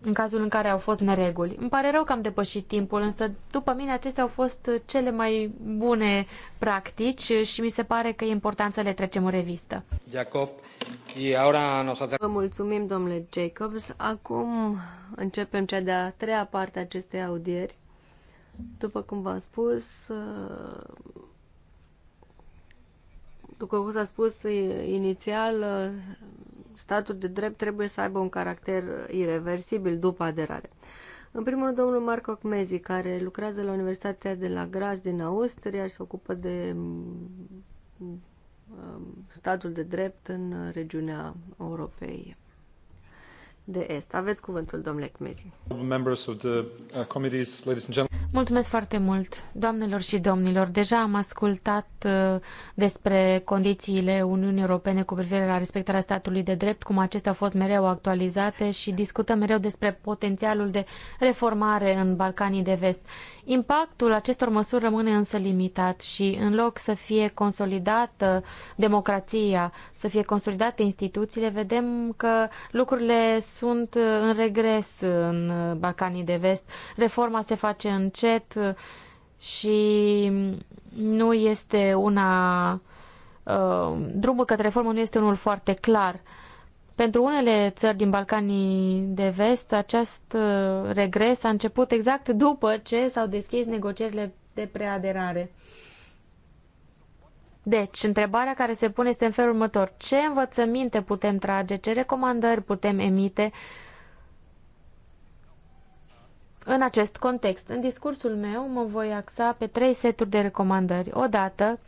în cazul în care au fost nereguli. Îmi pare rău că am depășit timpul, însă după mine acestea au fost cele mai bune practici și mi se pare că e important să le trecem în revistă. Jacob, și ahora nos hace... Vă mulțumim, domnule Jacobs. Acum începem cea de-a treia parte a acestei audieri. După cum v-am spus, după cum s-a spus inițial, statul de drept trebuie să aibă un caracter irreversibil după aderare. În primul rând, domnul Marco Cmezi, care lucrează la Universitatea de la Graz din Austria și se ocupă de mm, mm, statul de drept în regiunea Europei de Est. Aveți cuvântul, domnule Kmezi. Uh, Mulțumesc foarte mult, doamnelor și domnilor. Deja am ascultat uh, despre condițiile Uniunii Europene cu privire la respectarea statului de drept, cum acestea au fost mereu actualizate și discutăm mereu despre potențialul de reformare în Balcanii de Vest. Impactul acestor măsuri rămâne însă limitat și în loc să fie consolidată democrația, să fie consolidate instituțiile, vedem că lucrurile sunt în regres în Balcanii de Vest. Reforma se face încet și nu este una uh, drumul către reformă nu este unul foarte clar. Pentru unele țări din Balcanii de Vest, acest uh, regres a început exact după ce s-au deschis negocierile de preaderare. Deci, întrebarea care se pune este în felul următor. Ce învățăminte putem trage? Ce recomandări putem emite în acest context? În discursul meu mă voi axa pe trei seturi de recomandări. Odată,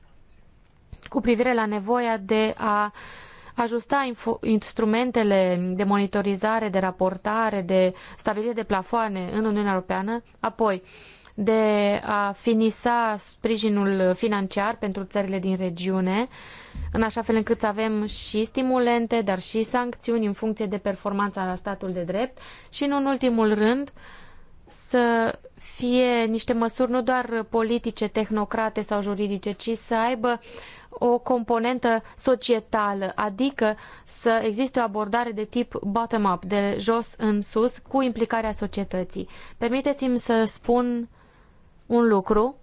cu privire la nevoia de a uh, ajusta instrumentele de monitorizare, de raportare, de stabilire de plafoane în Uniunea Europeană, apoi de a finisa sprijinul financiar pentru țările din regiune, în așa fel încât să avem și stimulente, dar și sancțiuni în funcție de performanța la statul de drept și, în ultimul rând, să fie niște măsuri nu doar politice, tehnocrate sau juridice, ci să aibă uh, o componentă societală, adică să existe o abordare de tip bottom-up, de jos în sus, cu implicarea societății. Permiteți-mi să spun un lucru.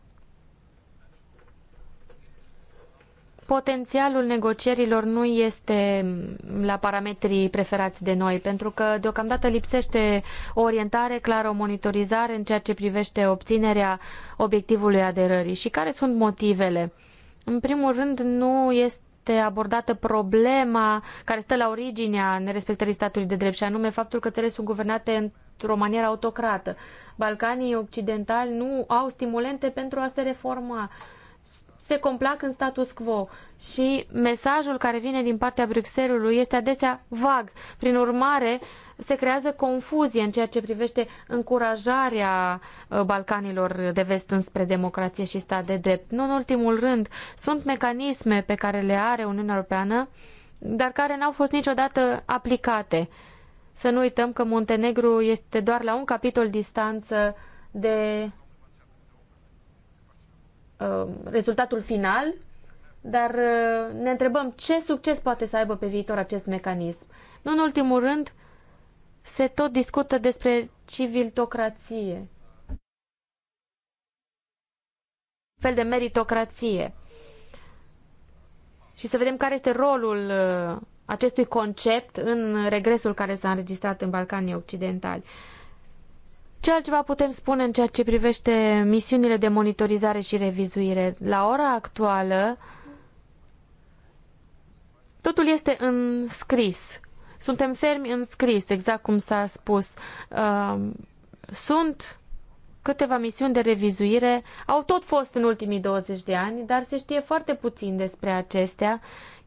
Potențialul negocierilor nu este la parametrii preferați de noi, pentru că deocamdată lipsește o orientare clară, o monitorizare în ceea ce privește obținerea obiectivului aderării. Și care sunt motivele? În primul rând, nu este abordată problema care stă la originea nerespectării statului de drept, și anume faptul că țările sunt guvernate într-o manieră autocrată. Balcanii occidentali nu au stimulente pentru a se reforma. Uh, se complac în status quo și mesajul care vine din partea Bruxellesului este adesea vag. Prin urmare, se creează confuzie în ceea ce privește încurajarea uh, Balcanilor de vest înspre democrație și stat de drept. Nu în ultimul rând, sunt mecanisme pe care le are Uniunea Europeană, dar care n-au fost niciodată aplicate. Să nu uităm că Montenegru este doar la un capitol distanță de Uh, rezultatul final, dar uh, ne întrebăm ce succes poate să aibă pe viitor acest mecanism. Nu în ultimul rând, se tot discută despre civiltocrație. Fel de meritocrație. Și să vedem care este rolul uh, acestui concept în regresul care s-a înregistrat în Balcanii Occidentali. Ce altceva putem spune în ceea ce privește misiunile de monitorizare și revizuire? La ora actuală, totul este în scris. Suntem fermi în scris, exact cum s-a spus. Um, sunt câteva misiuni de revizuire, au tot fost în ultimii 20 de ani, dar se știe foarte puțin despre acestea.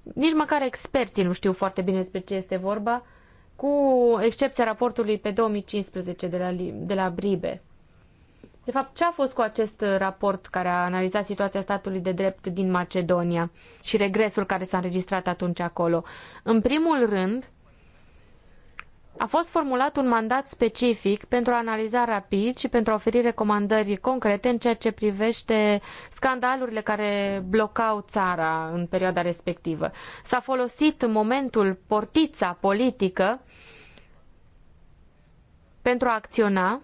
Nici măcar experții nu știu foarte bine despre ce este vorba cu excepția raportului pe 2015 de la, de la Bribe. De fapt, ce a fost cu acest raport care a analizat situația statului de drept din Macedonia și regresul care s-a înregistrat atunci acolo? În primul rând, a fost formulat un mandat specific pentru a analiza rapid și pentru a oferi recomandări concrete în ceea ce privește scandalurile care blocau țara în perioada respectivă. S-a folosit momentul portița politică pentru a acționa,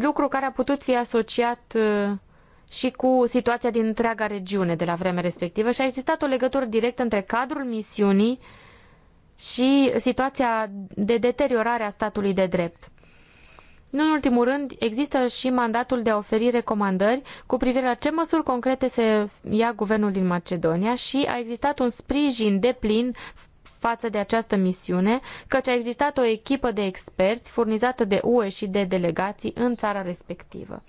lucru care a putut fi asociat uh, și cu situația din întreaga regiune de la vremea respectivă și a existat o legătură directă între cadrul misiunii și situația de deteriorare a statului de drept. Nu în ultimul rând, există și mandatul de a oferi recomandări cu privire la ce măsuri concrete se ia guvernul din Macedonia și a existat un sprijin deplin față de această misiune, căci a existat o echipă de experți furnizată de UE și de delegații în țara respectivă.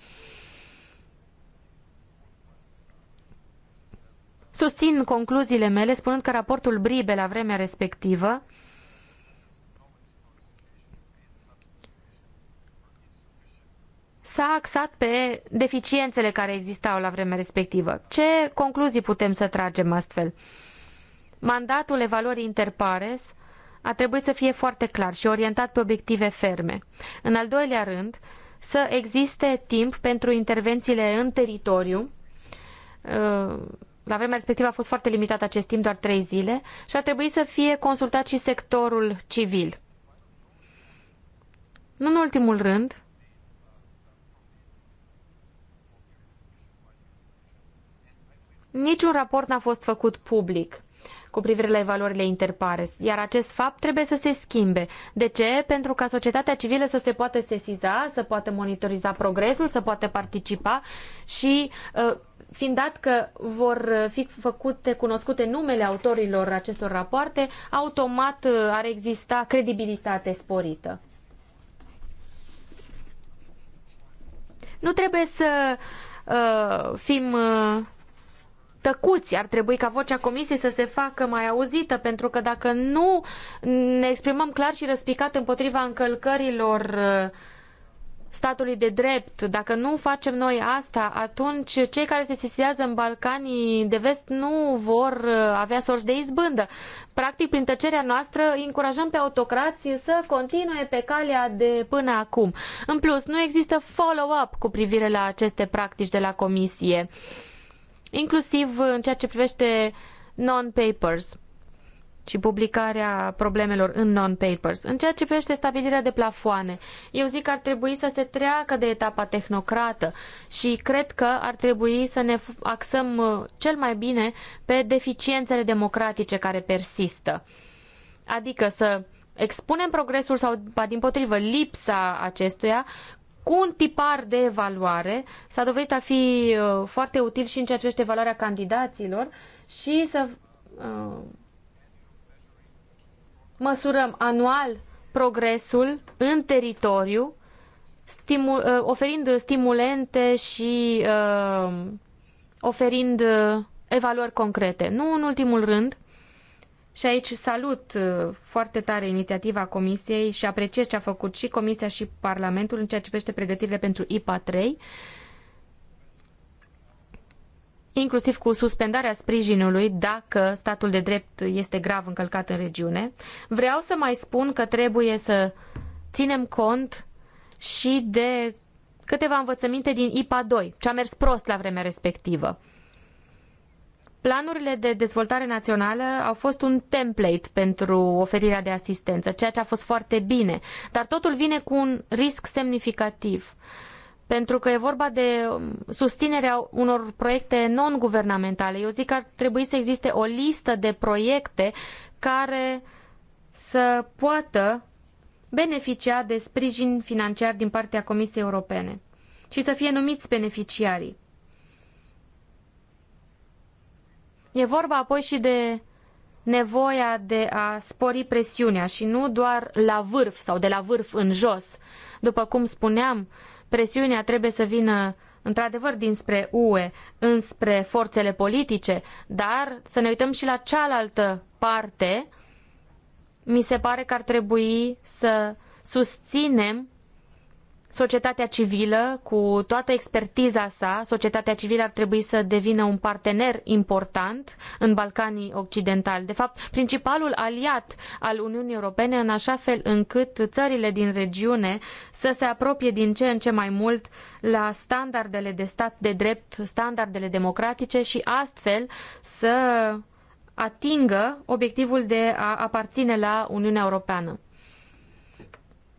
Susțin concluziile mele spunând că raportul Bribe la vremea respectivă s-a axat pe deficiențele care existau la vremea respectivă. Ce concluzii putem să tragem astfel? Mandatul evaluării interpares a trebuit să fie foarte clar și orientat pe obiective ferme. În al doilea rând, să existe timp pentru intervențiile în teritoriu, uh, la vremea respectivă a fost foarte limitat acest timp, doar trei zile, și ar trebui să fie consultat și sectorul civil. Nu în ultimul rând, niciun raport n-a fost făcut public cu privire la evaluările interpares, iar acest fapt trebuie să se schimbe. De ce? Pentru ca societatea civilă să se poată sesiza, să poată monitoriza progresul, să poată participa și uh, fiind dat că vor fi făcute cunoscute numele autorilor acestor rapoarte, automat uh, ar exista credibilitate sporită. Nu trebuie să uh, fim uh, tăcuți, ar trebui ca vocea comisiei să se facă mai auzită, pentru că dacă nu ne exprimăm clar și răspicat împotriva încălcărilor uh, statului de drept, dacă nu facem noi asta, atunci cei care se sesizează în Balcanii de vest nu vor uh, avea sorți de izbândă. Practic, prin tăcerea noastră, îi încurajăm pe autocrații să continue pe calea de până acum. În plus, nu există follow-up cu privire la aceste practici de la Comisie, inclusiv în ceea ce privește non-papers și publicarea problemelor în non-papers. În ceea ce privește stabilirea de plafoane, eu zic că ar trebui să se treacă de etapa tehnocrată și cred că ar trebui să ne axăm uh, cel mai bine pe deficiențele democratice care persistă. Adică să expunem progresul sau, din potrivă, lipsa acestuia cu un tipar de evaluare, s-a dovedit a fi uh, foarte util și în ceea ce privește evaluarea candidaților și să uh, măsurăm anual progresul în teritoriu, stimu uh, oferind stimulente și uh, oferind uh, evaluări concrete. Nu în ultimul rând, și aici salut uh, foarte tare inițiativa Comisiei și apreciez ce a făcut și Comisia și Parlamentul în ceea ce privește pregătirile pentru IPA 3 inclusiv cu suspendarea sprijinului dacă statul de drept este grav încălcat în regiune. Vreau să mai spun că trebuie să ținem cont și de câteva învățăminte din IPA 2, ce a mers prost la vremea respectivă. Planurile de dezvoltare națională au fost un template pentru oferirea de asistență, ceea ce a fost foarte bine, dar totul vine cu un risc semnificativ pentru că e vorba de susținerea unor proiecte non-guvernamentale. Eu zic că ar trebui să existe o listă de proiecte care să poată beneficia de sprijin financiar din partea Comisiei Europene și să fie numiți beneficiarii. E vorba apoi și de nevoia de a spori presiunea și nu doar la vârf sau de la vârf în jos. După cum spuneam, uh, Presiunea trebuie să vină într-adevăr dinspre UE, înspre forțele politice, dar să ne uităm și la cealaltă parte, mi se pare că ar trebui să susținem societatea civilă, cu toată expertiza sa, societatea civilă ar trebui să devină un partener important în Balcanii Occidentali. De fapt, principalul aliat al Uniunii Europene, în așa fel încât țările din regiune să se apropie din ce în ce mai mult la standardele de stat de drept, standardele democratice și astfel să atingă obiectivul de a aparține la Uniunea Europeană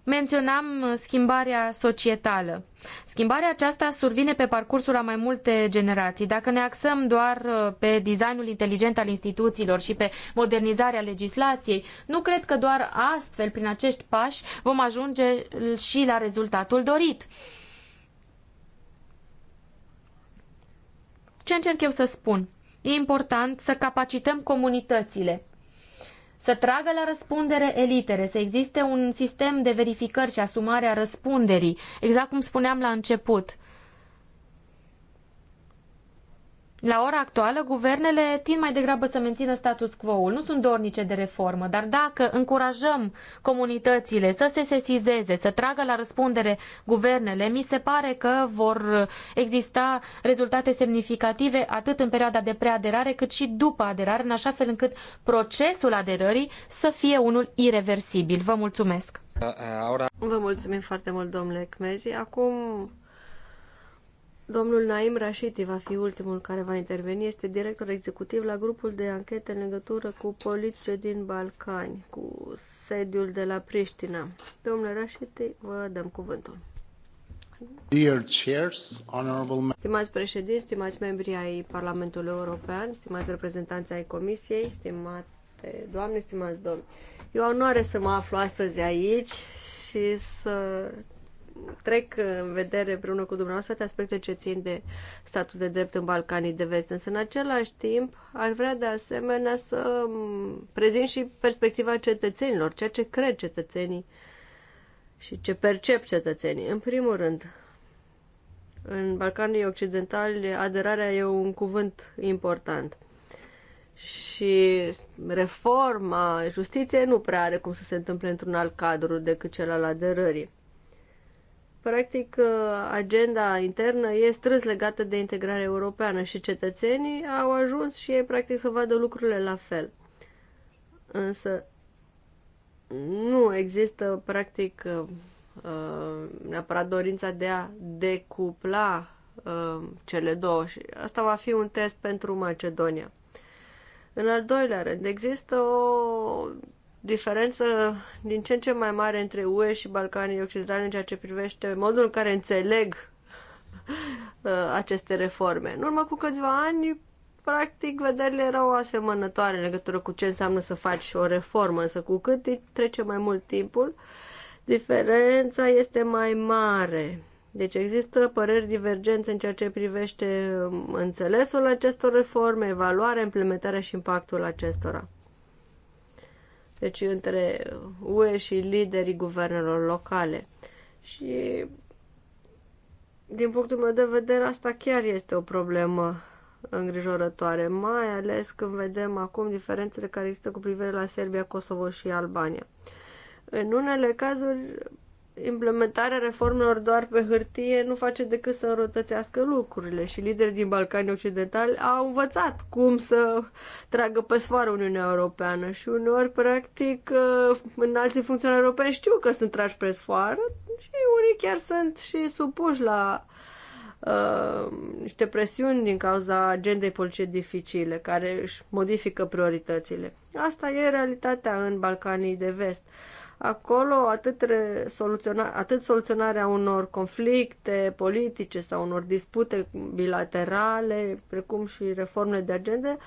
menționam uh, schimbarea societală. Schimbarea aceasta survine pe parcursul a mai multe generații. Dacă ne axăm doar uh, pe designul inteligent al instituțiilor și pe modernizarea legislației, nu cred că doar astfel, prin acești pași, vom ajunge și la rezultatul dorit. Ce încerc eu să spun? E important să capacităm comunitățile să tragă la răspundere elitele, să existe un sistem de verificări și asumare a răspunderii, exact cum spuneam la început. La ora actuală, guvernele tind mai degrabă să mențină status quo-ul, nu sunt dornice de reformă, dar dacă încurajăm comunitățile să se sesizeze, să tragă la răspundere guvernele, mi se pare că vor exista rezultate semnificative atât în perioada de preaderare cât și după aderare, în așa fel încât procesul aderării să fie unul irreversibil. Vă mulțumesc! Vă mulțumim foarte mult, domnule Cmezi. Acum Domnul Naim Rashidi va fi ultimul care va interveni. Este director executiv la grupul de anchete în legătură cu poliție din Balcani, cu sediul de la Priștina. Domnule Rashidi, vă dăm cuvântul. Dear chairs, honorable... Stimați președinți, stimați membri ai Parlamentului European, stimați reprezentanți ai Comisiei, stimate doamne, stimați domni, eu onoare să mă aflu astăzi aici și să trec în vedere împreună cu dumneavoastră toate aspecte ce țin de statul de drept în Balcanii de Vest. Însă, în același timp, ar vrea de asemenea să prezint și perspectiva cetățenilor, ceea ce cred cetățenii și ce percep cetățenii. În primul rând, în Balcanii Occidentali, aderarea e un cuvânt important și reforma justiției nu prea are cum să se întâmple într-un alt cadru decât cel al aderării. Practic, uh, agenda internă e strâns legată de integrarea europeană și cetățenii au ajuns și ei, practic, să vadă lucrurile la fel. Însă, nu există, practic, uh, uh, neapărat dorința de a decupla cele două și asta va fi un test pentru Macedonia. În al doilea rând, există o diferență din ce în ce mai mare între UE și Balcanii Occidentali în ceea ce privește modul în care înțeleg uh, aceste reforme. În urmă cu câțiva ani, practic, vederile erau asemănătoare în legătură cu ce înseamnă să faci o reformă, însă cu cât trece mai mult timpul, diferența este mai mare. Deci există păreri divergențe în ceea ce privește um, înțelesul acestor reforme, evaluarea, implementarea și impactul acestora deci între UE și liderii guvernelor locale. Și din punctul meu de vedere, asta chiar este o problemă îngrijorătoare, mai ales când vedem acum diferențele care există cu privire la Serbia, Kosovo și Albania. În unele cazuri, implementarea reformelor doar pe hârtie nu face decât să înrătățească lucrurile și liderii din Balcanii Occidentali au învățat cum să tragă pe sfoară Uniunea Europeană și uneori, practic, uh, în alții funcționari europeni știu că sunt trași pe sfoară și unii chiar sunt și supuși la uh, niște presiuni din cauza agendei politice dificile care își modifică prioritățile. Asta e realitatea în Balcanii de vest. Uh, Acolo atât, re, soluționa, atât soluționarea unor conflicte politice sau unor dispute bilaterale, precum și reformele de agende,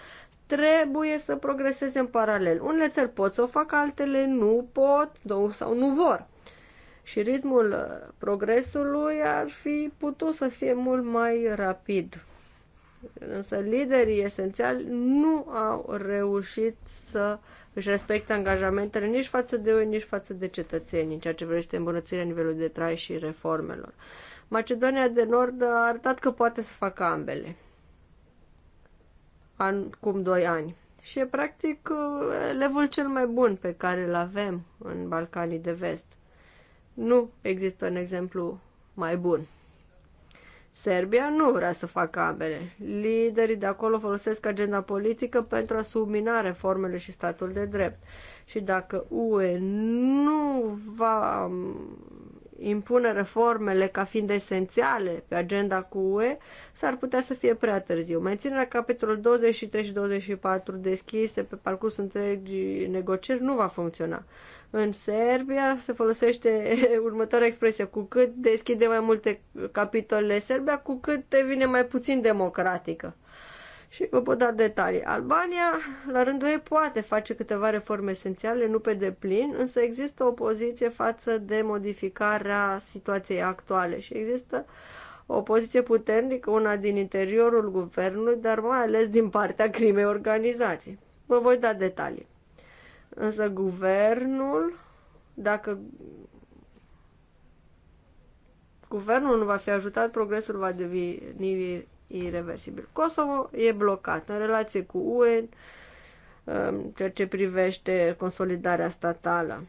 trebuie să progreseze în paralel. Unele țări pot să o facă, altele nu pot sau nu vor. Și ritmul uh, progresului ar fi putut să fie mult mai rapid. Însă liderii esențiali nu au reușit să își respectă angajamentele nici față de ei, nici față de cetățeni, în ceea ce vrește îmbunătățirea nivelului de trai și reformelor. Macedonia de Nord a arătat că poate să facă ambele. An, cum doi ani. Și e practic uh, levelul cel mai bun pe care îl avem în Balcanii de Vest. Nu există un exemplu mai bun. Serbia nu vrea să facă ambele. Liderii de acolo folosesc agenda politică pentru a submina reformele și statul de drept. Și dacă UE nu va impune reformele ca fiind esențiale pe agenda cu UE, s-ar putea să fie prea târziu. Menținerea capitolul 23 și 24 deschise pe parcursul întregii negocieri nu va funcționa. În Serbia se folosește următoarea expresie, cu cât deschide mai multe capitole Serbia, cu cât devine mai puțin democratică. Și vă pot da detalii. Albania, la rândul ei, poate face câteva reforme esențiale, nu pe deplin, însă există o poziție față de modificarea situației actuale și există o poziție puternică, una din interiorul guvernului, dar mai ales din partea crimei organizații. Vă voi da detalii. Însă guvernul, dacă guvernul nu va fi ajutat, progresul va deveni irreversibil. Kosovo e blocat în relație cu UE în ceea ce privește consolidarea statală.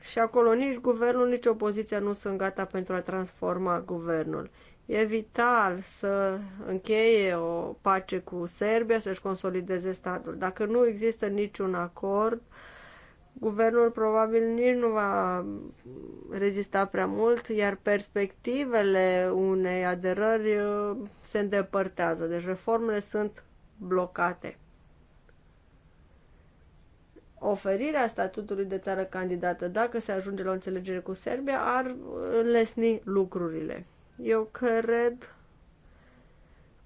Și acolo nici guvernul, nici opoziția nu sunt gata pentru a transforma guvernul. E vital să încheie o pace cu Serbia, să-și consolideze statul. Dacă nu există niciun acord, uh, guvernul probabil nici nu va rezista prea mult, iar perspectivele unei aderări uh, se îndepărtează, deci reformele sunt blocate. Oferirea statutului de țară candidată, dacă se ajunge la o înțelegere cu Serbia, ar înlesni lucrurile. Eu cred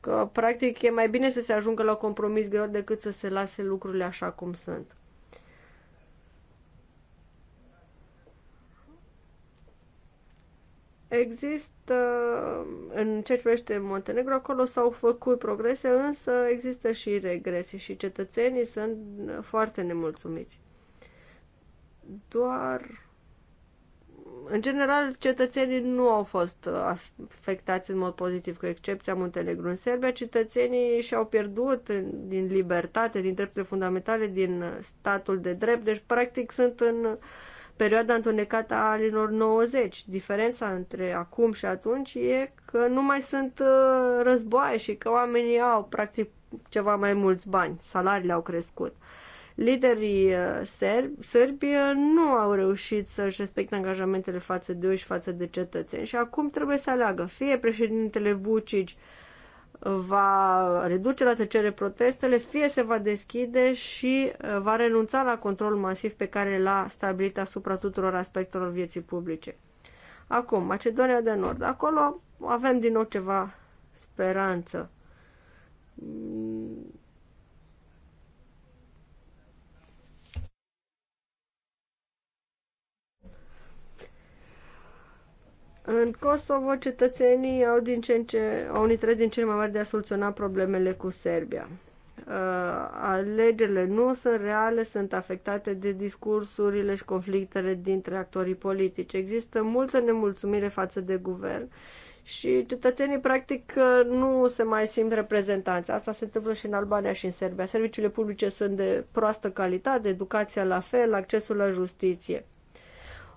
că, practic, e mai bine să se ajungă la compromis greu decât să se lase lucrurile așa cum sunt. Există, în ce privește Montenegro, acolo s-au făcut progrese, însă există și regrese și cetățenii sunt foarte nemulțumiți. Doar în general, cetățenii nu au fost afectați în mod pozitiv, cu excepția Montenegro În Serbia, cetățenii și-au pierdut din libertate, din drepturile fundamentale, din statul de drept, deci practic sunt în perioada întunecată a anilor 90. Diferența între acum și atunci e că nu mai sunt uh, războaie și că oamenii au practic ceva mai mulți bani, salariile au crescut. Liderii uh, serbi, sârbi uh, nu au reușit să-și respecte angajamentele față de ei și față de cetățeni și acum trebuie să aleagă fie președintele Vucic va reduce la tăcere protestele, fie se va deschide și uh, va renunța la controlul masiv pe care l-a stabilit asupra tuturor aspectelor vieții publice. Acum, Macedonia de Nord. Acolo avem din nou ceva speranță. În Kosovo, cetățenii au, din ce în ce, au un interes din ce mai mare de a soluționa problemele cu Serbia. Uh, alegerile nu sunt reale, sunt afectate de discursurile și conflictele dintre actorii politici. Există multă nemulțumire față de guvern și cetățenii practic uh, nu se mai simt reprezentanți. Asta se întâmplă și în Albania și în Serbia. Serviciile publice sunt de proastă calitate, educația la fel, accesul la justiție.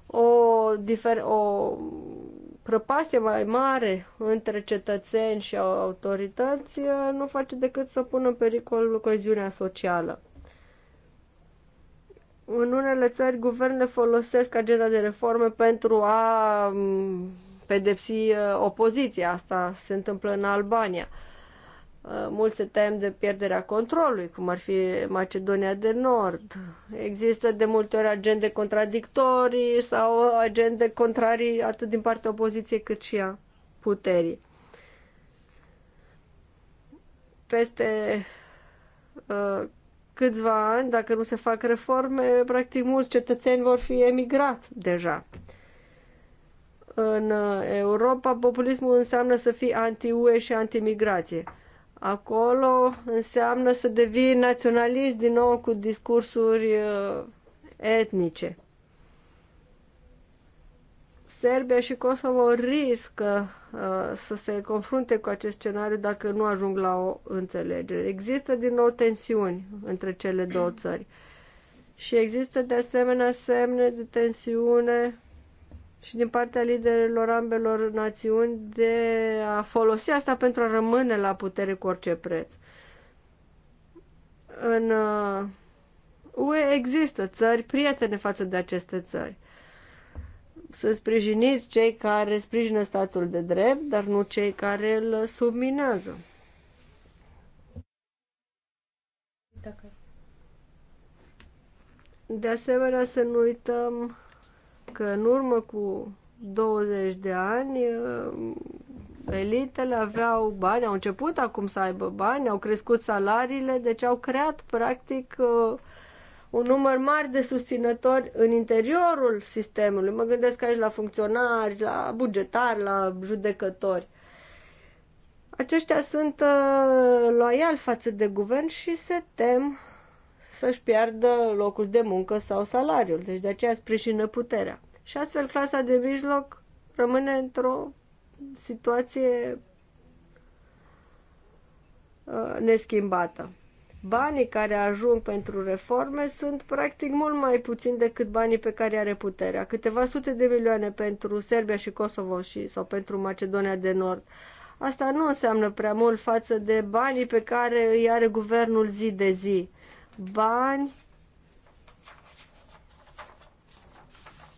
O, difer- o prăpastie mai mare între cetățeni și autorități eh, nu face decât să pună în pericol coeziunea socială. În unele țări, guvernele folosesc agenda de reforme pentru a mm, pedepsi eh, opoziția. Asta se întâmplă în Albania. Uh, Uh, mulți se tem de pierderea controlului, cum ar fi Macedonia de Nord. Există de multe ori agende contradictorii sau agende contrarii atât din partea opoziției cât și a puterii. Peste uh, câțiva ani, dacă nu se fac reforme, practic mulți cetățeni vor fi emigrați deja. În uh, Europa, populismul înseamnă să fii anti-UE și anti-migrație. Acolo înseamnă să devii naționalist din nou cu discursuri uh, etnice. Serbia și Kosovo riscă uh, să se confrunte cu acest scenariu dacă nu ajung la o înțelegere. Există din nou tensiuni între cele două țări și există de asemenea semne de tensiune și din partea liderilor ambelor națiuni de a folosi asta pentru a rămâne la putere cu orice preț. În uh, UE există țări prietene față de aceste țări. Să sprijiniți cei care sprijină statul de drept, dar nu cei care îl subminează. De asemenea, să nu uităm că în urmă cu 20 de ani uh, elitele aveau bani, au început acum să aibă bani, au crescut salariile, deci au creat practic uh, un număr mare de susținători în interiorul sistemului. Mă gândesc aici la funcționari, la bugetari, la judecători. Aceștia sunt uh, loiali față de guvern și se tem să-și piardă locul de muncă sau salariul, deci de aceea sprijină puterea. Și astfel clasa de mijloc rămâne într-o situație uh, neschimbată. Banii care ajung pentru reforme sunt practic mult mai puțini decât banii pe care are puterea. Câteva sute de milioane pentru Serbia și Kosovo și, sau pentru Macedonia de Nord. Asta nu înseamnă prea mult față de banii pe care îi are guvernul zi de zi bani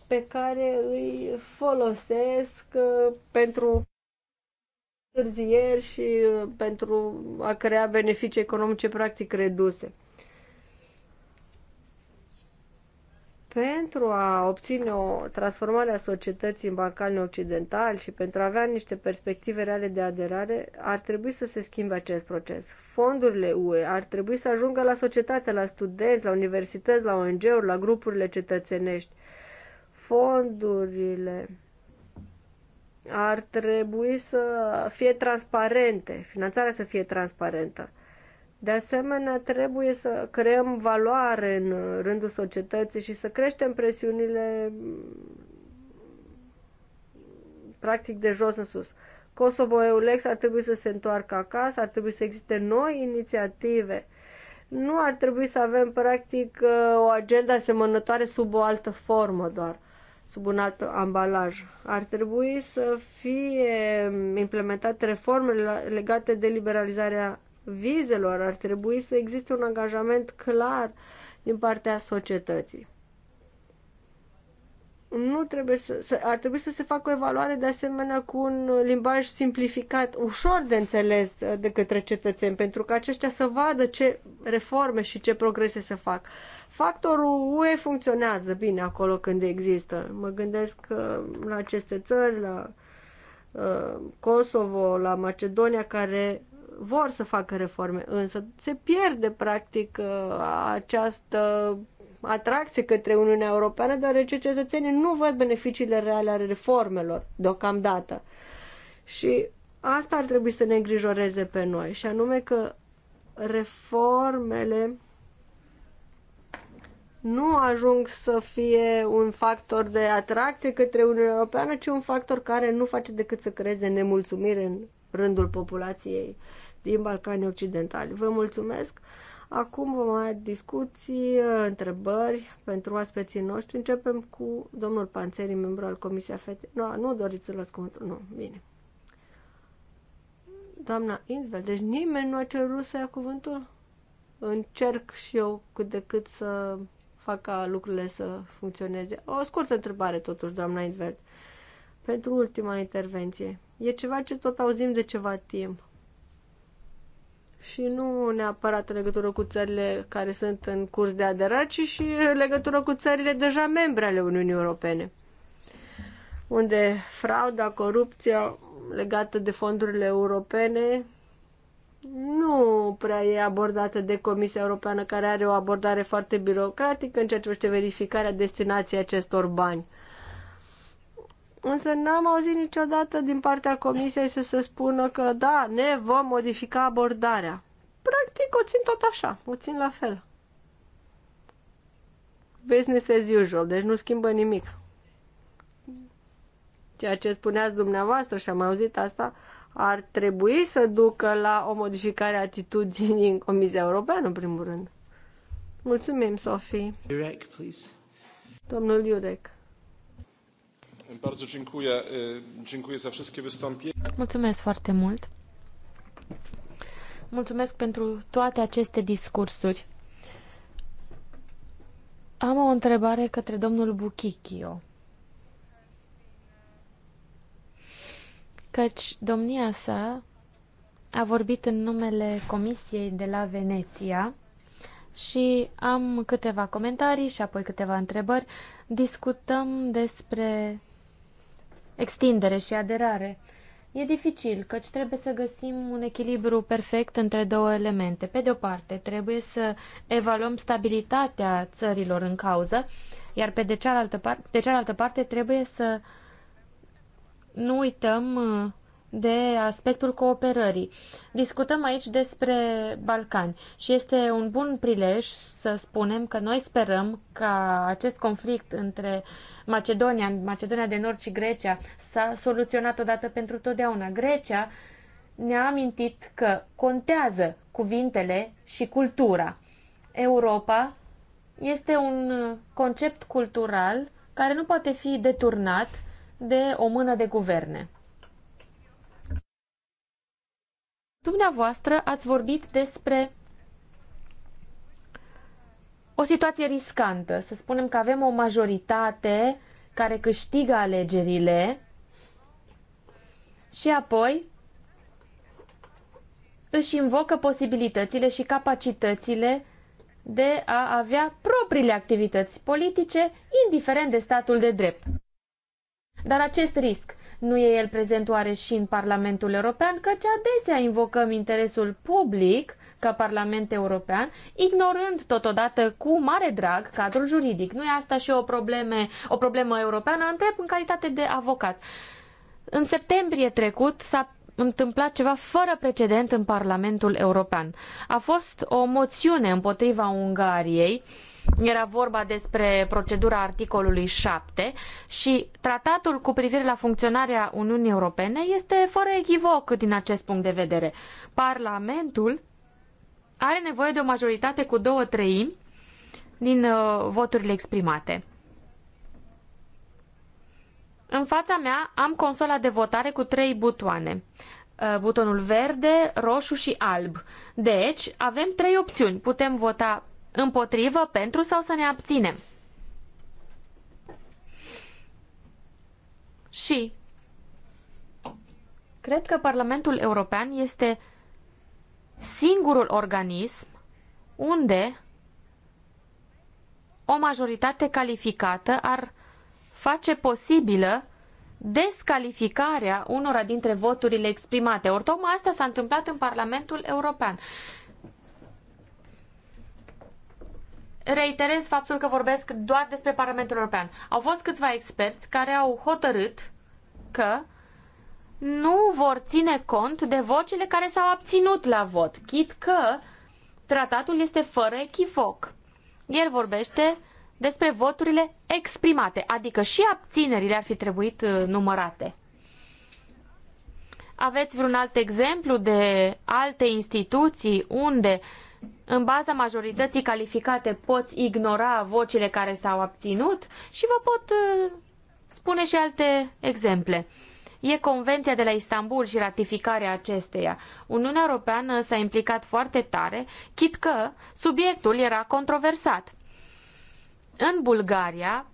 pe care îi folosesc uh, pentru târzieri și uh, pentru a crea beneficii economice practic reduse. pentru a obține o transformare a societății în Balcanii Occidentali și pentru a avea niște perspective reale de aderare, ar trebui să se schimbe acest proces. Fondurile UE ar trebui să ajungă la societate, la studenți, la universități, la ONG-uri, la grupurile cetățenești. Fondurile ar trebui să fie transparente, finanțarea să fie transparentă. De asemenea, trebuie să creăm valoare în rândul societății și să creștem presiunile mm, practic de jos în sus. Kosovo Eulex ar trebui să se întoarcă acasă, ar trebui să existe noi inițiative. Nu ar trebui să avem practic uh, o agenda asemănătoare sub o altă formă doar sub un alt ambalaj. Ar trebui să fie mm, implementate reformele legate de liberalizarea vizelor, ar trebui să existe un angajament clar din partea societății. Nu trebuie să, să, ar trebui să se facă o evaluare de asemenea cu un limbaj simplificat, ușor de înțeles de către cetățeni, pentru că aceștia să vadă ce reforme și ce progrese se fac. Factorul UE funcționează bine acolo când există. Mă gândesc uh, la aceste țări, la uh, Kosovo, la Macedonia, care vor să facă reforme, însă se pierde practic uh, această atracție către Uniunea Europeană, deoarece cetățenii nu văd beneficiile reale ale reformelor deocamdată. Și asta ar trebui să ne îngrijoreze pe noi, și anume că reformele nu ajung să fie un factor de atracție către Uniunea Europeană, ci un factor care nu face decât să creeze nemulțumire în rândul populației din Balcanii Occidentali. Vă mulțumesc! Acum vom avea discuții, întrebări pentru aspeții noștri. Începem cu domnul Panțeri, membru al Comisiei Fete. Nu, nu doriți să luați cuvântul. Nu, bine. Doamna Invel, deci nimeni nu a cerut să ia cuvântul? Încerc și eu cât de cât să fac ca lucrurile să funcționeze. O scurtă întrebare totuși, doamna Invel, pentru ultima intervenție. E ceva ce tot auzim de ceva timp și nu neapărat în legătură cu țările care sunt în curs de aderare, ci și în legătură cu țările deja membre ale Uniunii Europene, unde frauda, corupția legată de fondurile europene nu prea e abordată de Comisia Europeană, care are o abordare foarte birocratică în ceea ce privește verificarea destinației acestor bani. Însă n-am auzit niciodată din partea comisiei să se spună că da, ne vom modifica abordarea. Practic o țin tot așa, o țin la fel. Business as usual, deci nu schimbă nimic. Ceea ce spuneați dumneavoastră și am auzit asta, ar trebui să ducă la o modificare a atitudinii în Comisia Europeană, în primul rând. Mulțumim, Sofie. Iurec, please. Domnul Iurec. Mulțumesc foarte mult. Mulțumesc pentru toate aceste discursuri. Am o întrebare către domnul Buchichio. Căci domnia sa a vorbit în numele Comisiei de la Veneția și am câteva comentarii și apoi câteva întrebări. Discutăm despre extindere și aderare. E dificil, căci trebuie să găsim un echilibru perfect între două elemente. Pe de o parte, trebuie să evaluăm stabilitatea țărilor în cauză, iar pe de cealaltă, par- de cealaltă parte trebuie să nu uităm uh, de aspectul cooperării. Discutăm aici despre Balcani și este un bun prilej să spunem că noi sperăm ca acest conflict între Macedonia, Macedonia de Nord și Grecia s-a soluționat odată pentru totdeauna. Grecia ne-a amintit că contează cuvintele și cultura. Europa este un concept cultural care nu poate fi deturnat de o mână de guverne. Dumneavoastră ați vorbit despre o situație riscantă. Să spunem că avem o majoritate care câștigă alegerile și apoi își invocă posibilitățile și capacitățile de a avea propriile activități politice, indiferent de statul de drept. Dar acest risc nu e el prezent oare și în Parlamentul European, căci adesea invocăm interesul public ca Parlament European, ignorând totodată cu mare drag cadrul juridic. Nu e asta și o, probleme, o problemă europeană, întreb în calitate de avocat. În septembrie trecut s-a întâmplat ceva fără precedent în Parlamentul European. A fost o moțiune împotriva Ungariei uh, era vorba despre procedura articolului 7 și tratatul cu privire la funcționarea Uniunii Europene este fără echivoc din acest punct de vedere. Parlamentul are nevoie de o majoritate cu două treimi din uh, voturile exprimate. În fața mea am consola de votare cu trei butoane. Uh, butonul verde, roșu și alb. Deci, avem trei opțiuni. Putem vota Împotrivă, pentru sau să ne abținem? Și cred că Parlamentul European este singurul organism unde o majoritate calificată ar face posibilă descalificarea unora dintre voturile exprimate. Ori tocmai asta s-a întâmplat în Parlamentul European. reiterez faptul că vorbesc doar despre Parlamentul European. Au fost câțiva experți care au hotărât că nu vor ține cont de vocile care s-au abținut la vot, chit că tratatul este fără echivoc. El vorbește despre voturile exprimate, adică și abținerile ar fi trebuit uh, numărate. Aveți vreun alt exemplu de alte instituții unde uh, în baza majorității calificate poți ignora vocile care s-au abținut și vă pot uh, spune și alte exemple. E Convenția de la Istanbul și ratificarea acesteia. Uniunea Europeană s-a implicat foarte tare, chit că subiectul era controversat. În Bulgaria,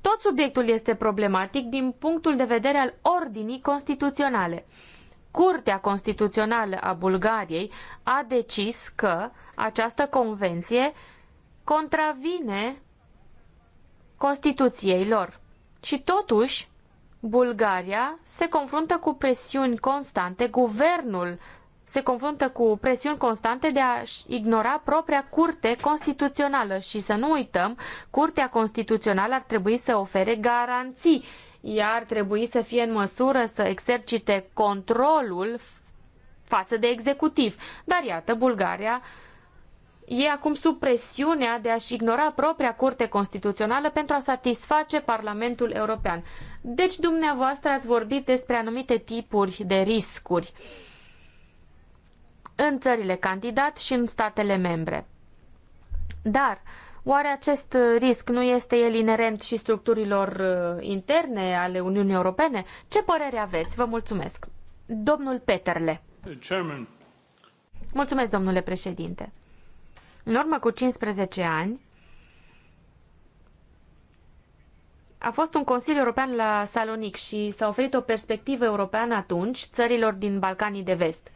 tot subiectul este problematic din punctul de vedere al ordinii constituționale. Curtea Constituțională a Bulgariei a decis că această convenție contravine Constituției lor. Și totuși, Bulgaria se confruntă cu presiuni constante, guvernul se confruntă cu presiuni constante de a ignora propria curte constituțională și să nu uităm, curtea constituțională ar trebui să ofere garanții ea ar trebui să fie în măsură să exercite controlul față de executiv. Dar iată, Bulgaria e acum sub presiunea de a-și ignora propria curte constituțională pentru a satisface Parlamentul European. Deci, dumneavoastră ați vorbit despre anumite tipuri de riscuri în țările candidat și în statele membre. Dar, uh, Oare acest uh, risc nu este el inerent și structurilor uh, interne ale Uniunii Europene? Ce părere aveți? Vă mulțumesc. Domnul Peterle. Mulțumesc, domnule președinte. În urmă cu 15 ani, a fost un Consiliu European la Salonic și s-a oferit o perspectivă europeană atunci țărilor din Balcanii de Vest.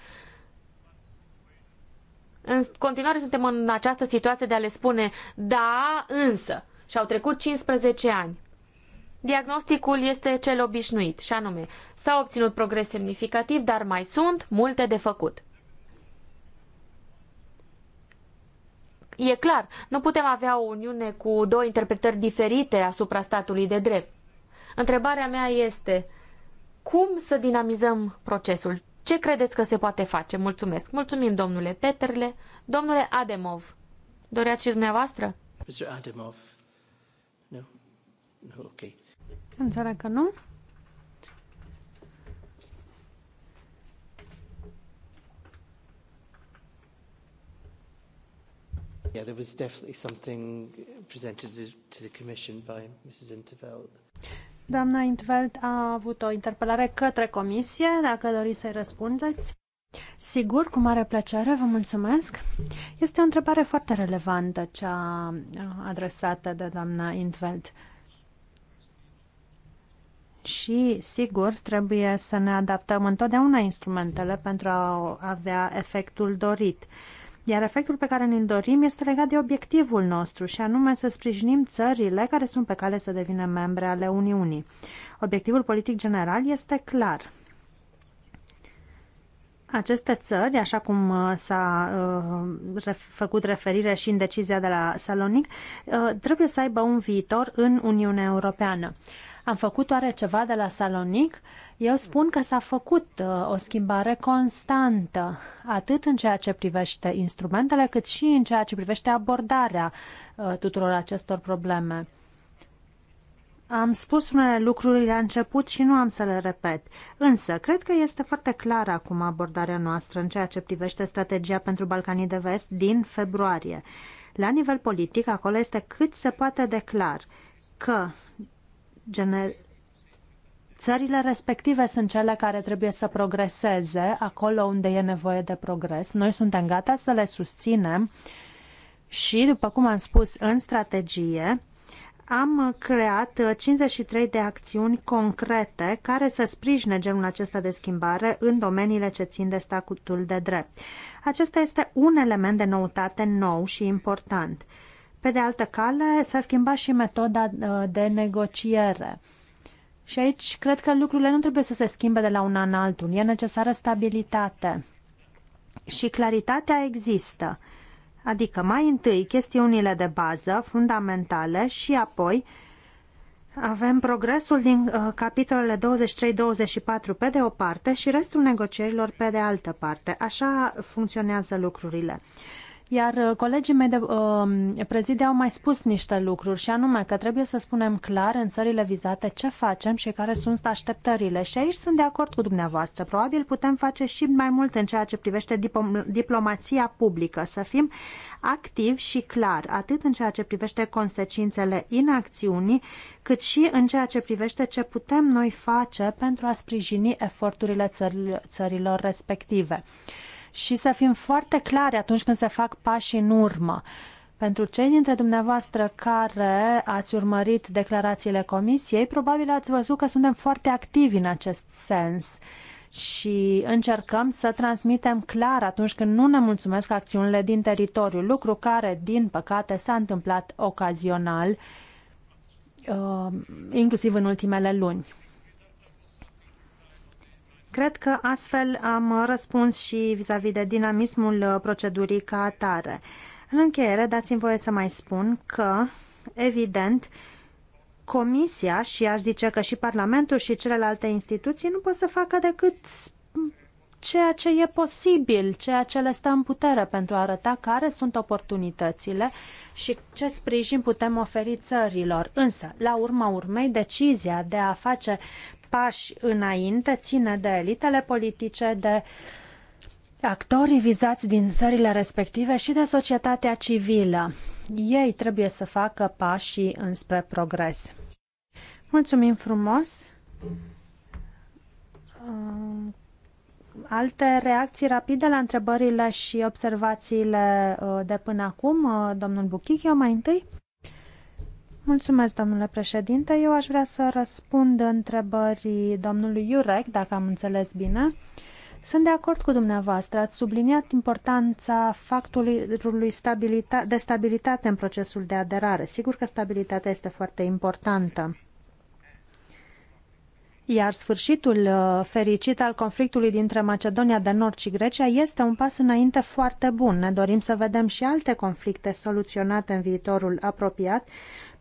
În continuare suntem în această situație de a le spune da, însă. Și au trecut 15 ani. Diagnosticul este cel obișnuit, și anume, s-au obținut progres semnificativ, dar mai sunt multe de făcut. E clar, nu putem avea o uniune cu două interpretări diferite asupra statului de drept. Întrebarea mea este, cum să dinamizăm procesul? Ce credeți că se poate face? Mulțumesc. Mulțumim, domnule Peterle. Domnule Ademov, doreați și dumneavoastră? Mr. Ademov. nu? No. No, ok. Înțeleg că nu. Yeah, there was definitely something presented to the Commission by Mrs. Interveld. Doamna Intveld a avut o interpelare către comisie, dacă doriți să-i răspundeți. Sigur, cu mare plăcere, vă mulțumesc. Este o întrebare foarte relevantă cea uh, adresată de doamna Intveld. Și, sigur, trebuie să ne adaptăm întotdeauna instrumentele pentru a avea efectul dorit. Uh, iar efectul pe care ne-l dorim este legat de obiectivul nostru și anume să sprijinim țările care sunt pe cale să devină membre ale Uniunii. Obiectivul politic general este clar. Aceste țări, așa cum uh, s-a uh, făcut referire și în decizia de la Salonic, uh, trebuie să aibă un viitor în Uniunea Europeană. Uh, am făcut oare ceva de la Salonic? Eu spun că s-a făcut uh, o schimbare constantă, atât în ceea ce privește instrumentele, cât și în ceea ce privește abordarea uh, tuturor acestor probleme. Am spus unele lucruri la început și nu am să le repet, însă cred că este foarte clară acum abordarea noastră în ceea ce privește strategia pentru Balcanii de Vest din februarie. La nivel politic, acolo este cât se poate de clar că gener- țările respective sunt cele care trebuie să progreseze acolo unde e nevoie de progres. Noi suntem gata să le susținem și, după cum am spus în strategie, am creat 53 de acțiuni concrete care să sprijine genul acesta de schimbare în domeniile ce țin de statutul de drept. Acesta este un element de noutate nou și important. Pe de altă cale, s-a schimbat și metoda uh, de negociere. Și aici cred că lucrurile nu trebuie să se schimbe de la un an altul. E necesară stabilitate. Și claritatea există. Adică mai întâi chestiunile de bază, fundamentale, și apoi avem progresul din uh, capitolele 23-24 pe de o parte și restul negocierilor pe de altă parte. Așa funcționează lucrurile. Uh, iar uh, colegii mei de uh, um, prezide au mai spus niște lucruri și anume că trebuie să spunem clar în țările vizate ce facem și care sunt așteptările. Și aici sunt de acord cu dumneavoastră. Probabil putem face și mai mult în ceea ce privește diplom- diplomația publică, să fim activ și clar, atât în ceea ce privește consecințele inacțiunii, cât și în ceea ce privește ce putem noi face pentru a sprijini eforturile țărilor respective și să fim foarte clari atunci când se fac pași în urmă. Pentru cei dintre dumneavoastră care ați urmărit declarațiile comisiei, probabil ați văzut că suntem foarte activi în acest sens și încercăm să transmitem clar atunci când nu ne mulțumesc acțiunile din teritoriu, lucru care, din păcate, s-a întâmplat ocazional, uh, inclusiv în ultimele luni. Cred că astfel am răspuns și vis-a-vis -vis de dinamismul procedurii ca atare. În încheiere, dați-mi voie să mai spun că, evident, Comisia și aș zice că și Parlamentul și celelalte instituții nu pot să facă decât ceea ce e posibil, ceea ce le stă în putere pentru a arăta care sunt oportunitățile și ce sprijin putem oferi țărilor. Însă, la urma urmei, decizia de a face pași înainte ține de elitele politice, de actorii vizați din țările respective și de societatea civilă. Ei trebuie să facă pașii înspre progres. Mulțumim frumos! Uh, alte reacții rapide la întrebările și observațiile uh, de până acum, uh, domnul Buchichio, mai întâi? Mulțumesc, domnule președinte. Eu aș vrea să răspund întrebării domnului Iurec, dacă am înțeles bine. Sunt de acord cu dumneavoastră. Ați subliniat importanța factorului de stabilitate în procesul de aderare. Sigur că stabilitatea este foarte importantă. Iar sfârșitul uh, fericit al conflictului dintre Macedonia de Nord și Grecia este un pas înainte foarte bun. Ne dorim să vedem și alte conflicte soluționate în viitorul apropiat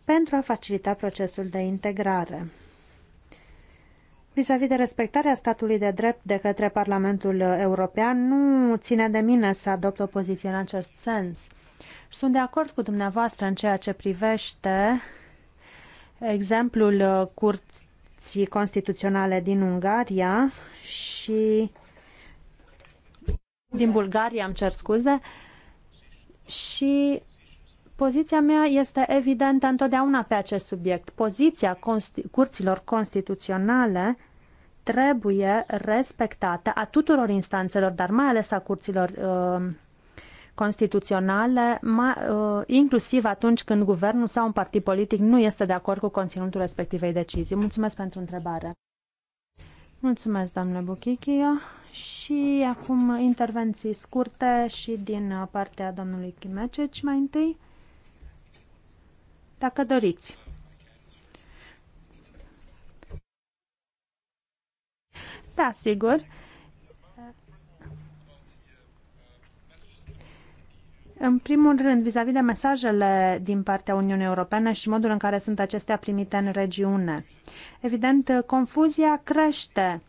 pentru a facilita procesul de integrare. Vis-a-vis -vis de respectarea statului de drept de către Parlamentul European, nu ține de mine să adopt o poziție în acest sens. Sunt de acord cu dumneavoastră în ceea ce privește exemplul Curții Constituționale din Ungaria și din Bulgaria, îmi cer scuze, și Poziția mea este evidentă întotdeauna pe acest subiect. Poziția consti- curților constituționale trebuie respectată a tuturor instanțelor, dar mai ales a curților uh, constituționale, ma, uh, inclusiv atunci când guvernul sau un partid politic nu este de acord cu conținutul respectivei decizii. Mulțumesc pentru întrebare. Mulțumesc, doamne Buchichia. Și acum intervenții scurte și din partea domnului Chimececi mai întâi dacă doriți. Da, sigur. În primul rând, vis-a-vis -vis de mesajele din partea Uniunii Europene și modul în care sunt acestea primite în regiune. Evident, confuzia crește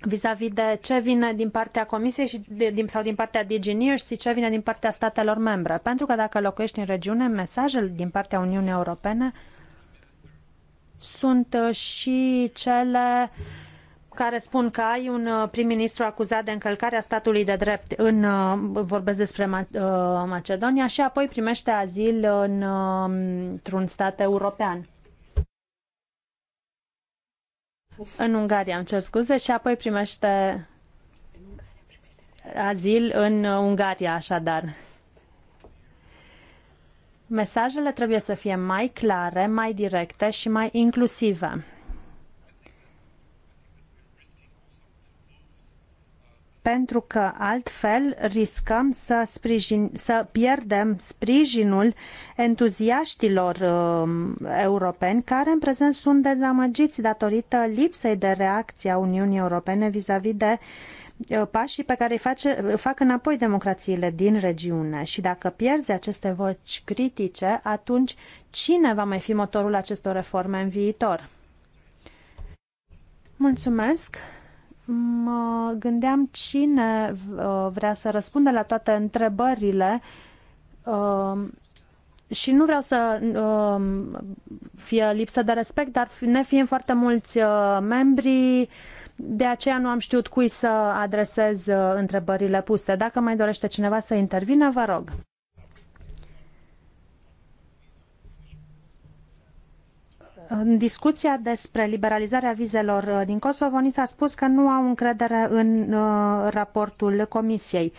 vis-a-vis de ce vine din partea Comisiei și de, din, sau din partea DigiNears și ce vine din partea statelor membre. Pentru că dacă locuiești în regiune, mesajele din partea Uniunii Europene sunt uh, și cele care spun că ai un uh, prim-ministru acuzat de încălcarea statului de drept în, uh, vorbesc despre Macedonia, și apoi primește azil în, într-un stat european. În Ungaria, îmi cer scuze, și apoi primește azil în Ungaria, așadar. Mesajele trebuie să fie mai clare, mai directe și mai inclusive. pentru că altfel riscăm să, sprijin, să pierdem sprijinul entuziaștilor uh, europeni care în prezent sunt dezamăgiți datorită lipsei de reacție a Uniunii Europene vis-a-vis -vis de uh, pașii pe care îi face, fac înapoi democrațiile din regiune. Și dacă pierzi aceste voci critice, atunci cine va mai fi motorul acestor reforme în viitor? Mulțumesc! mă gândeam cine uh, vrea să răspundă la toate întrebările um, și nu vreau să um, fie lipsă de respect, dar ne fiind foarte mulți uh, membri, de aceea nu am știut cui să adresez uh, întrebările puse. Dacă mai dorește cineva să intervină, vă rog. În discuția despre liberalizarea vizelor uh, din Kosovo, ni s-a spus că nu au încredere în uh, raportul Comisiei.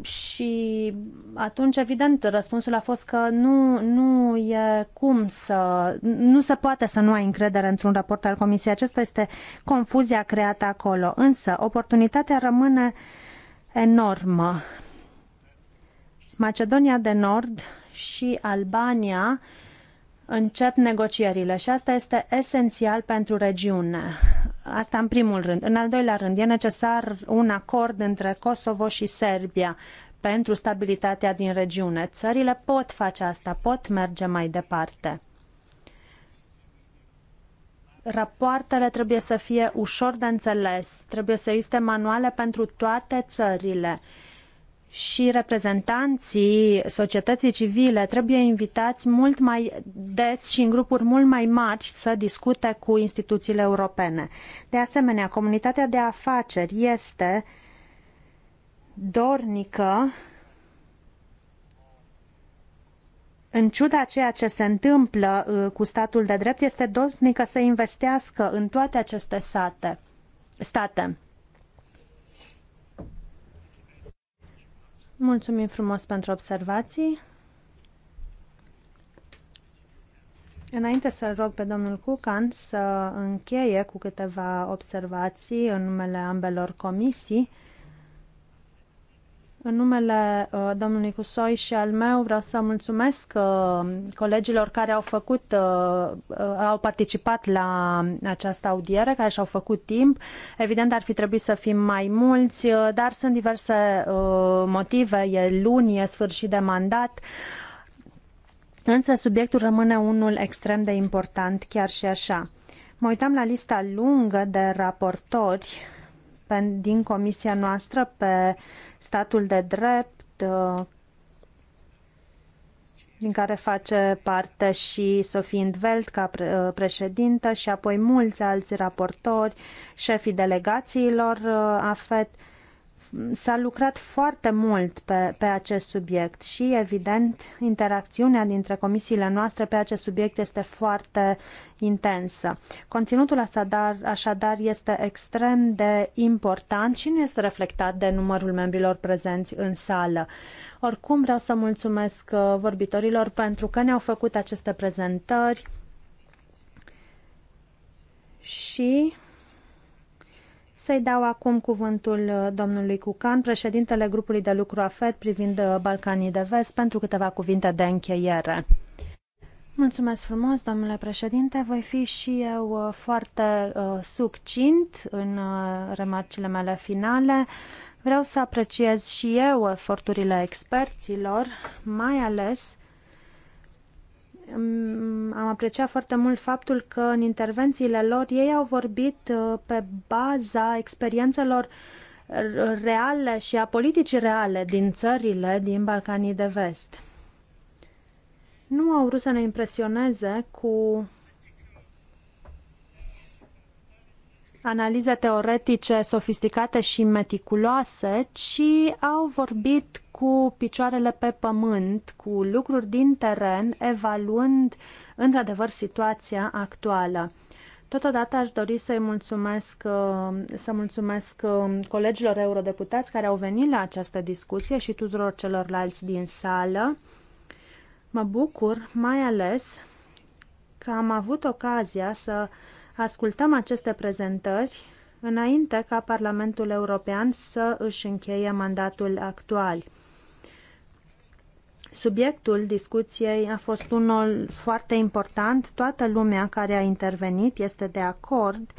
Și atunci, evident, răspunsul a fost că nu, nu e cum să. nu se poate să nu ai încredere într-un raport al Comisiei. Aceasta este confuzia creată acolo. Însă, oportunitatea rămâne enormă. Macedonia de Nord și Albania uh, încep negocierile și asta este esențial pentru regiune. Asta în primul rând. În al doilea rând, e necesar un acord între Kosovo și Serbia pentru stabilitatea din regiune. Țările pot face asta, pot merge mai departe. Rapoartele trebuie să fie ușor de înțeles, trebuie să existe manuale pentru toate țările. Uh, și reprezentanții societății civile trebuie invitați mult mai des și în grupuri mult mai mari să discute cu instituțiile europene. De asemenea, comunitatea de afaceri este dornică în ciuda ceea ce se întâmplă uh, cu statul de drept, este dornică să investească în toate aceste sate, state. Mulțumim frumos pentru observații. Înainte să-l rog pe domnul Cucan să încheie cu câteva observații în numele ambelor comisii, în numele uh, domnului Husoi și al meu vreau să mulțumesc uh, colegilor care au făcut, uh, uh, au participat la această audiere, care și-au făcut timp. Evident ar fi trebuit să fim mai mulți, uh, dar sunt diverse uh, motive, e luni, e sfârșit de mandat. Însă subiectul rămâne unul extrem de important, chiar și așa. Mă uitam la lista lungă de raportori din comisia noastră pe statul de drept, uh, din care face parte și Sofie Indveld ca uh, președintă și apoi mulți alți raportori, șefii delegațiilor uh, AFET, s-a lucrat foarte mult pe, pe acest subiect și, evident, interacțiunea dintre comisiile noastre pe acest subiect este foarte intensă. Conținutul așadar, așadar este extrem de important și nu este reflectat de numărul membrilor prezenți în sală. Oricum, vreau să mulțumesc uh, vorbitorilor pentru că ne-au făcut aceste prezentări și să-i dau acum cuvântul uh, domnului Cucan, președintele grupului de lucru AFED privind uh, Balcanii de Vest, pentru câteva cuvinte de încheiere. Mulțumesc frumos, domnule președinte. Voi fi și eu uh, foarte uh, succint în uh, remarcile mele finale. Vreau să apreciez și eu eforturile experților, mai ales am apreciat foarte mult faptul că în intervențiile lor ei au vorbit uh, pe baza experiențelor uh, reale și a politicii reale din țările din Balcanii de Vest. Nu au vrut să ne impresioneze cu analize teoretice sofisticate și meticuloase, ci au vorbit cu picioarele pe pământ, cu lucruri din teren, evaluând într-adevăr situația actuală. Totodată aș dori să-i mulțumesc, uh, să mulțumesc uh, colegilor eurodeputați care au venit la această discuție și tuturor celorlalți din sală. Mă bucur mai ales că am avut ocazia să ascultăm aceste prezentări înainte ca Parlamentul European să își încheie mandatul actual. Subiectul discuției a fost unul foarte important. Toată lumea care a intervenit este de acord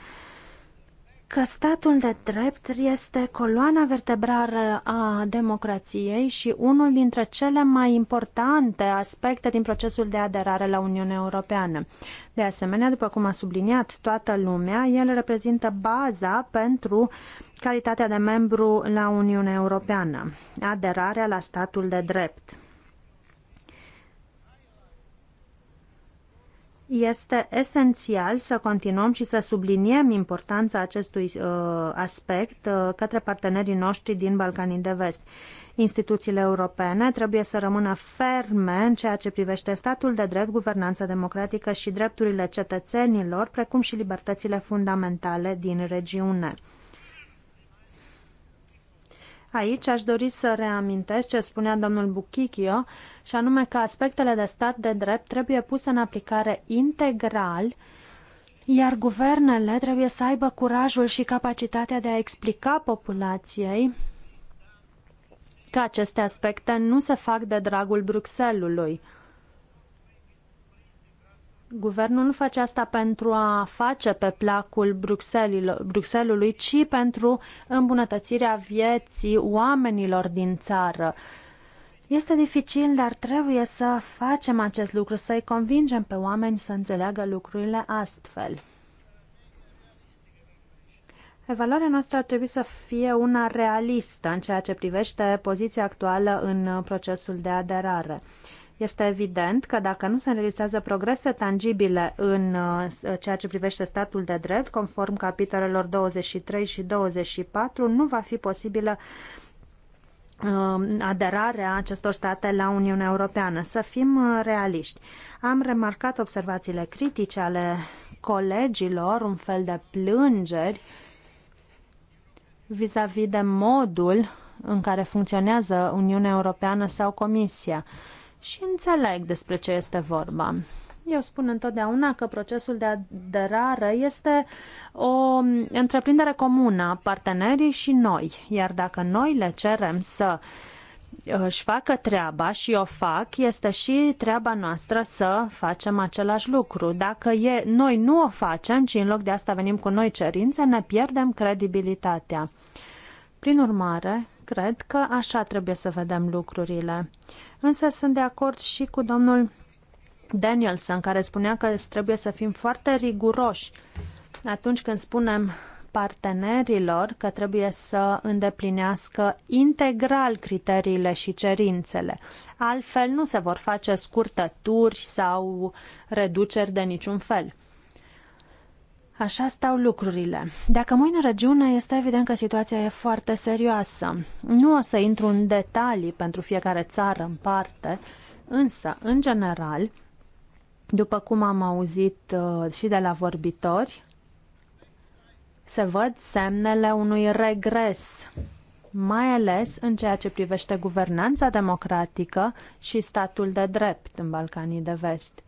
că statul de drept este coloana vertebrală a democrației și unul dintre cele mai importante aspecte din procesul de aderare la Uniunea Europeană. De asemenea, după cum a subliniat toată lumea, el reprezintă baza pentru calitatea de membru la Uniunea Europeană, aderarea la statul de drept. este esențial să continuăm și să subliniem importanța acestui uh, aspect uh, către partenerii noștri din Balcanii de Vest. Instituțiile europene trebuie să rămână ferme în ceea ce privește statul de drept, guvernanța democratică și drepturile cetățenilor, precum și libertățile fundamentale din regiune. Aici aș dori să reamintesc ce spunea domnul Buchichio, și anume că aspectele de stat de drept trebuie puse în aplicare integral, iar guvernele trebuie să aibă curajul și capacitatea de a explica populației că aceste aspecte nu se fac de dragul Bruxellesului. Guvernul nu face asta pentru a face pe placul Bruxelului, ci pentru îmbunătățirea vieții oamenilor din țară. Este dificil, dar trebuie să facem acest lucru, să-i convingem pe oameni să înțeleagă lucrurile astfel. Evaluarea noastră ar trebui să fie una realistă în ceea ce privește poziția actuală în procesul de aderare. Este evident că dacă nu se înregistrează progrese tangibile în uh, ceea ce privește statul de drept, conform capitolelor 23 și 24, nu va fi posibilă um, aderarea acestor state la Uniunea Europeană. Să fim uh, realiști. Am remarcat observațiile critice ale colegilor, un fel de plângeri vis-a-vis -vis de modul în care funcționează Uniunea Europeană sau Comisia și înțeleg despre ce este vorba. Eu spun întotdeauna că procesul de aderare este o întreprindere comună, partenerii și noi. Iar dacă noi le cerem să își facă treaba și o fac, este și treaba noastră să facem același lucru. Dacă e, noi nu o facem, ci în loc de asta venim cu noi cerințe, ne pierdem credibilitatea. Prin urmare, cred că așa trebuie să vedem lucrurile. Însă sunt de acord și cu domnul Danielson, care spunea că trebuie să fim foarte riguroși atunci când spunem partenerilor că trebuie să îndeplinească integral criteriile și cerințele. Altfel nu se vor face scurtături sau reduceri de niciun fel. Așa stau lucrurile. Dacă mâine regiune, este evident că situația e foarte serioasă. Nu o să intru în detalii pentru fiecare țară în parte, însă, în general, după cum am auzit uh, și de la vorbitori, se văd semnele unui regres, mai ales în ceea ce privește guvernanța democratică și statul de drept în Balcanii de Vest.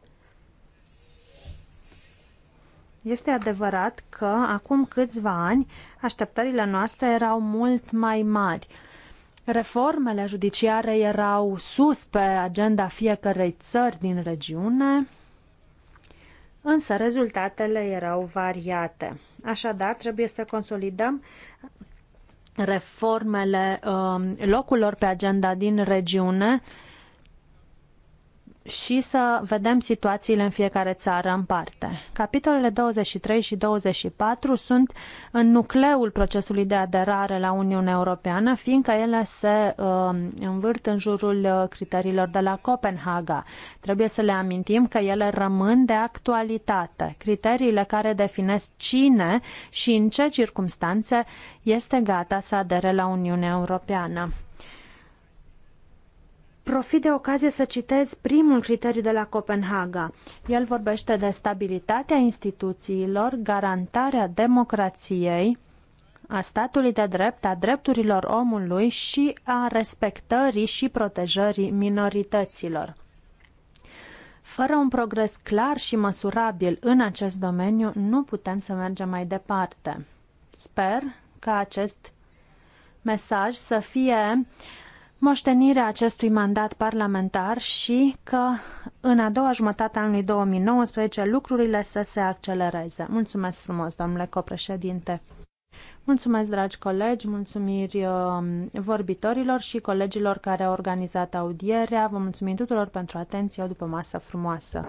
Este adevărat că acum câțiva ani așteptările noastre erau mult mai mari. Reformele judiciare erau sus pe agenda fiecărei țări din regiune, însă rezultatele erau variate. Așadar, trebuie să consolidăm reformele um, locurilor pe agenda din regiune și să vedem situațiile în fiecare țară în parte. Capitolele 23 și 24 sunt în nucleul procesului de aderare la Uniunea Europeană, fiindcă ele se uh, învârt în jurul uh, criteriilor de la Copenhaga. Trebuie să le amintim că ele rămân de actualitate. Criteriile care definesc cine și în ce circunstanțe este gata să adere la Uniunea Europeană. Profit de ocazie să citez primul criteriu de la Copenhaga. El vorbește de stabilitatea instituțiilor, garantarea democrației, a statului de drept, a drepturilor omului și a respectării și protejării minorităților. Fără un progres clar și măsurabil în acest domeniu, nu putem să mergem mai departe. Sper ca acest mesaj să fie uh, moștenirea acestui mandat parlamentar și că în a doua jumătate a anului 2019 lucrurile să se accelereze. Mulțumesc frumos, domnule copreședinte! Mulțumesc, dragi colegi, mulțumiri um, vorbitorilor și colegilor care au organizat audierea. Vă mulțumim tuturor pentru atenție, o după masă frumoasă!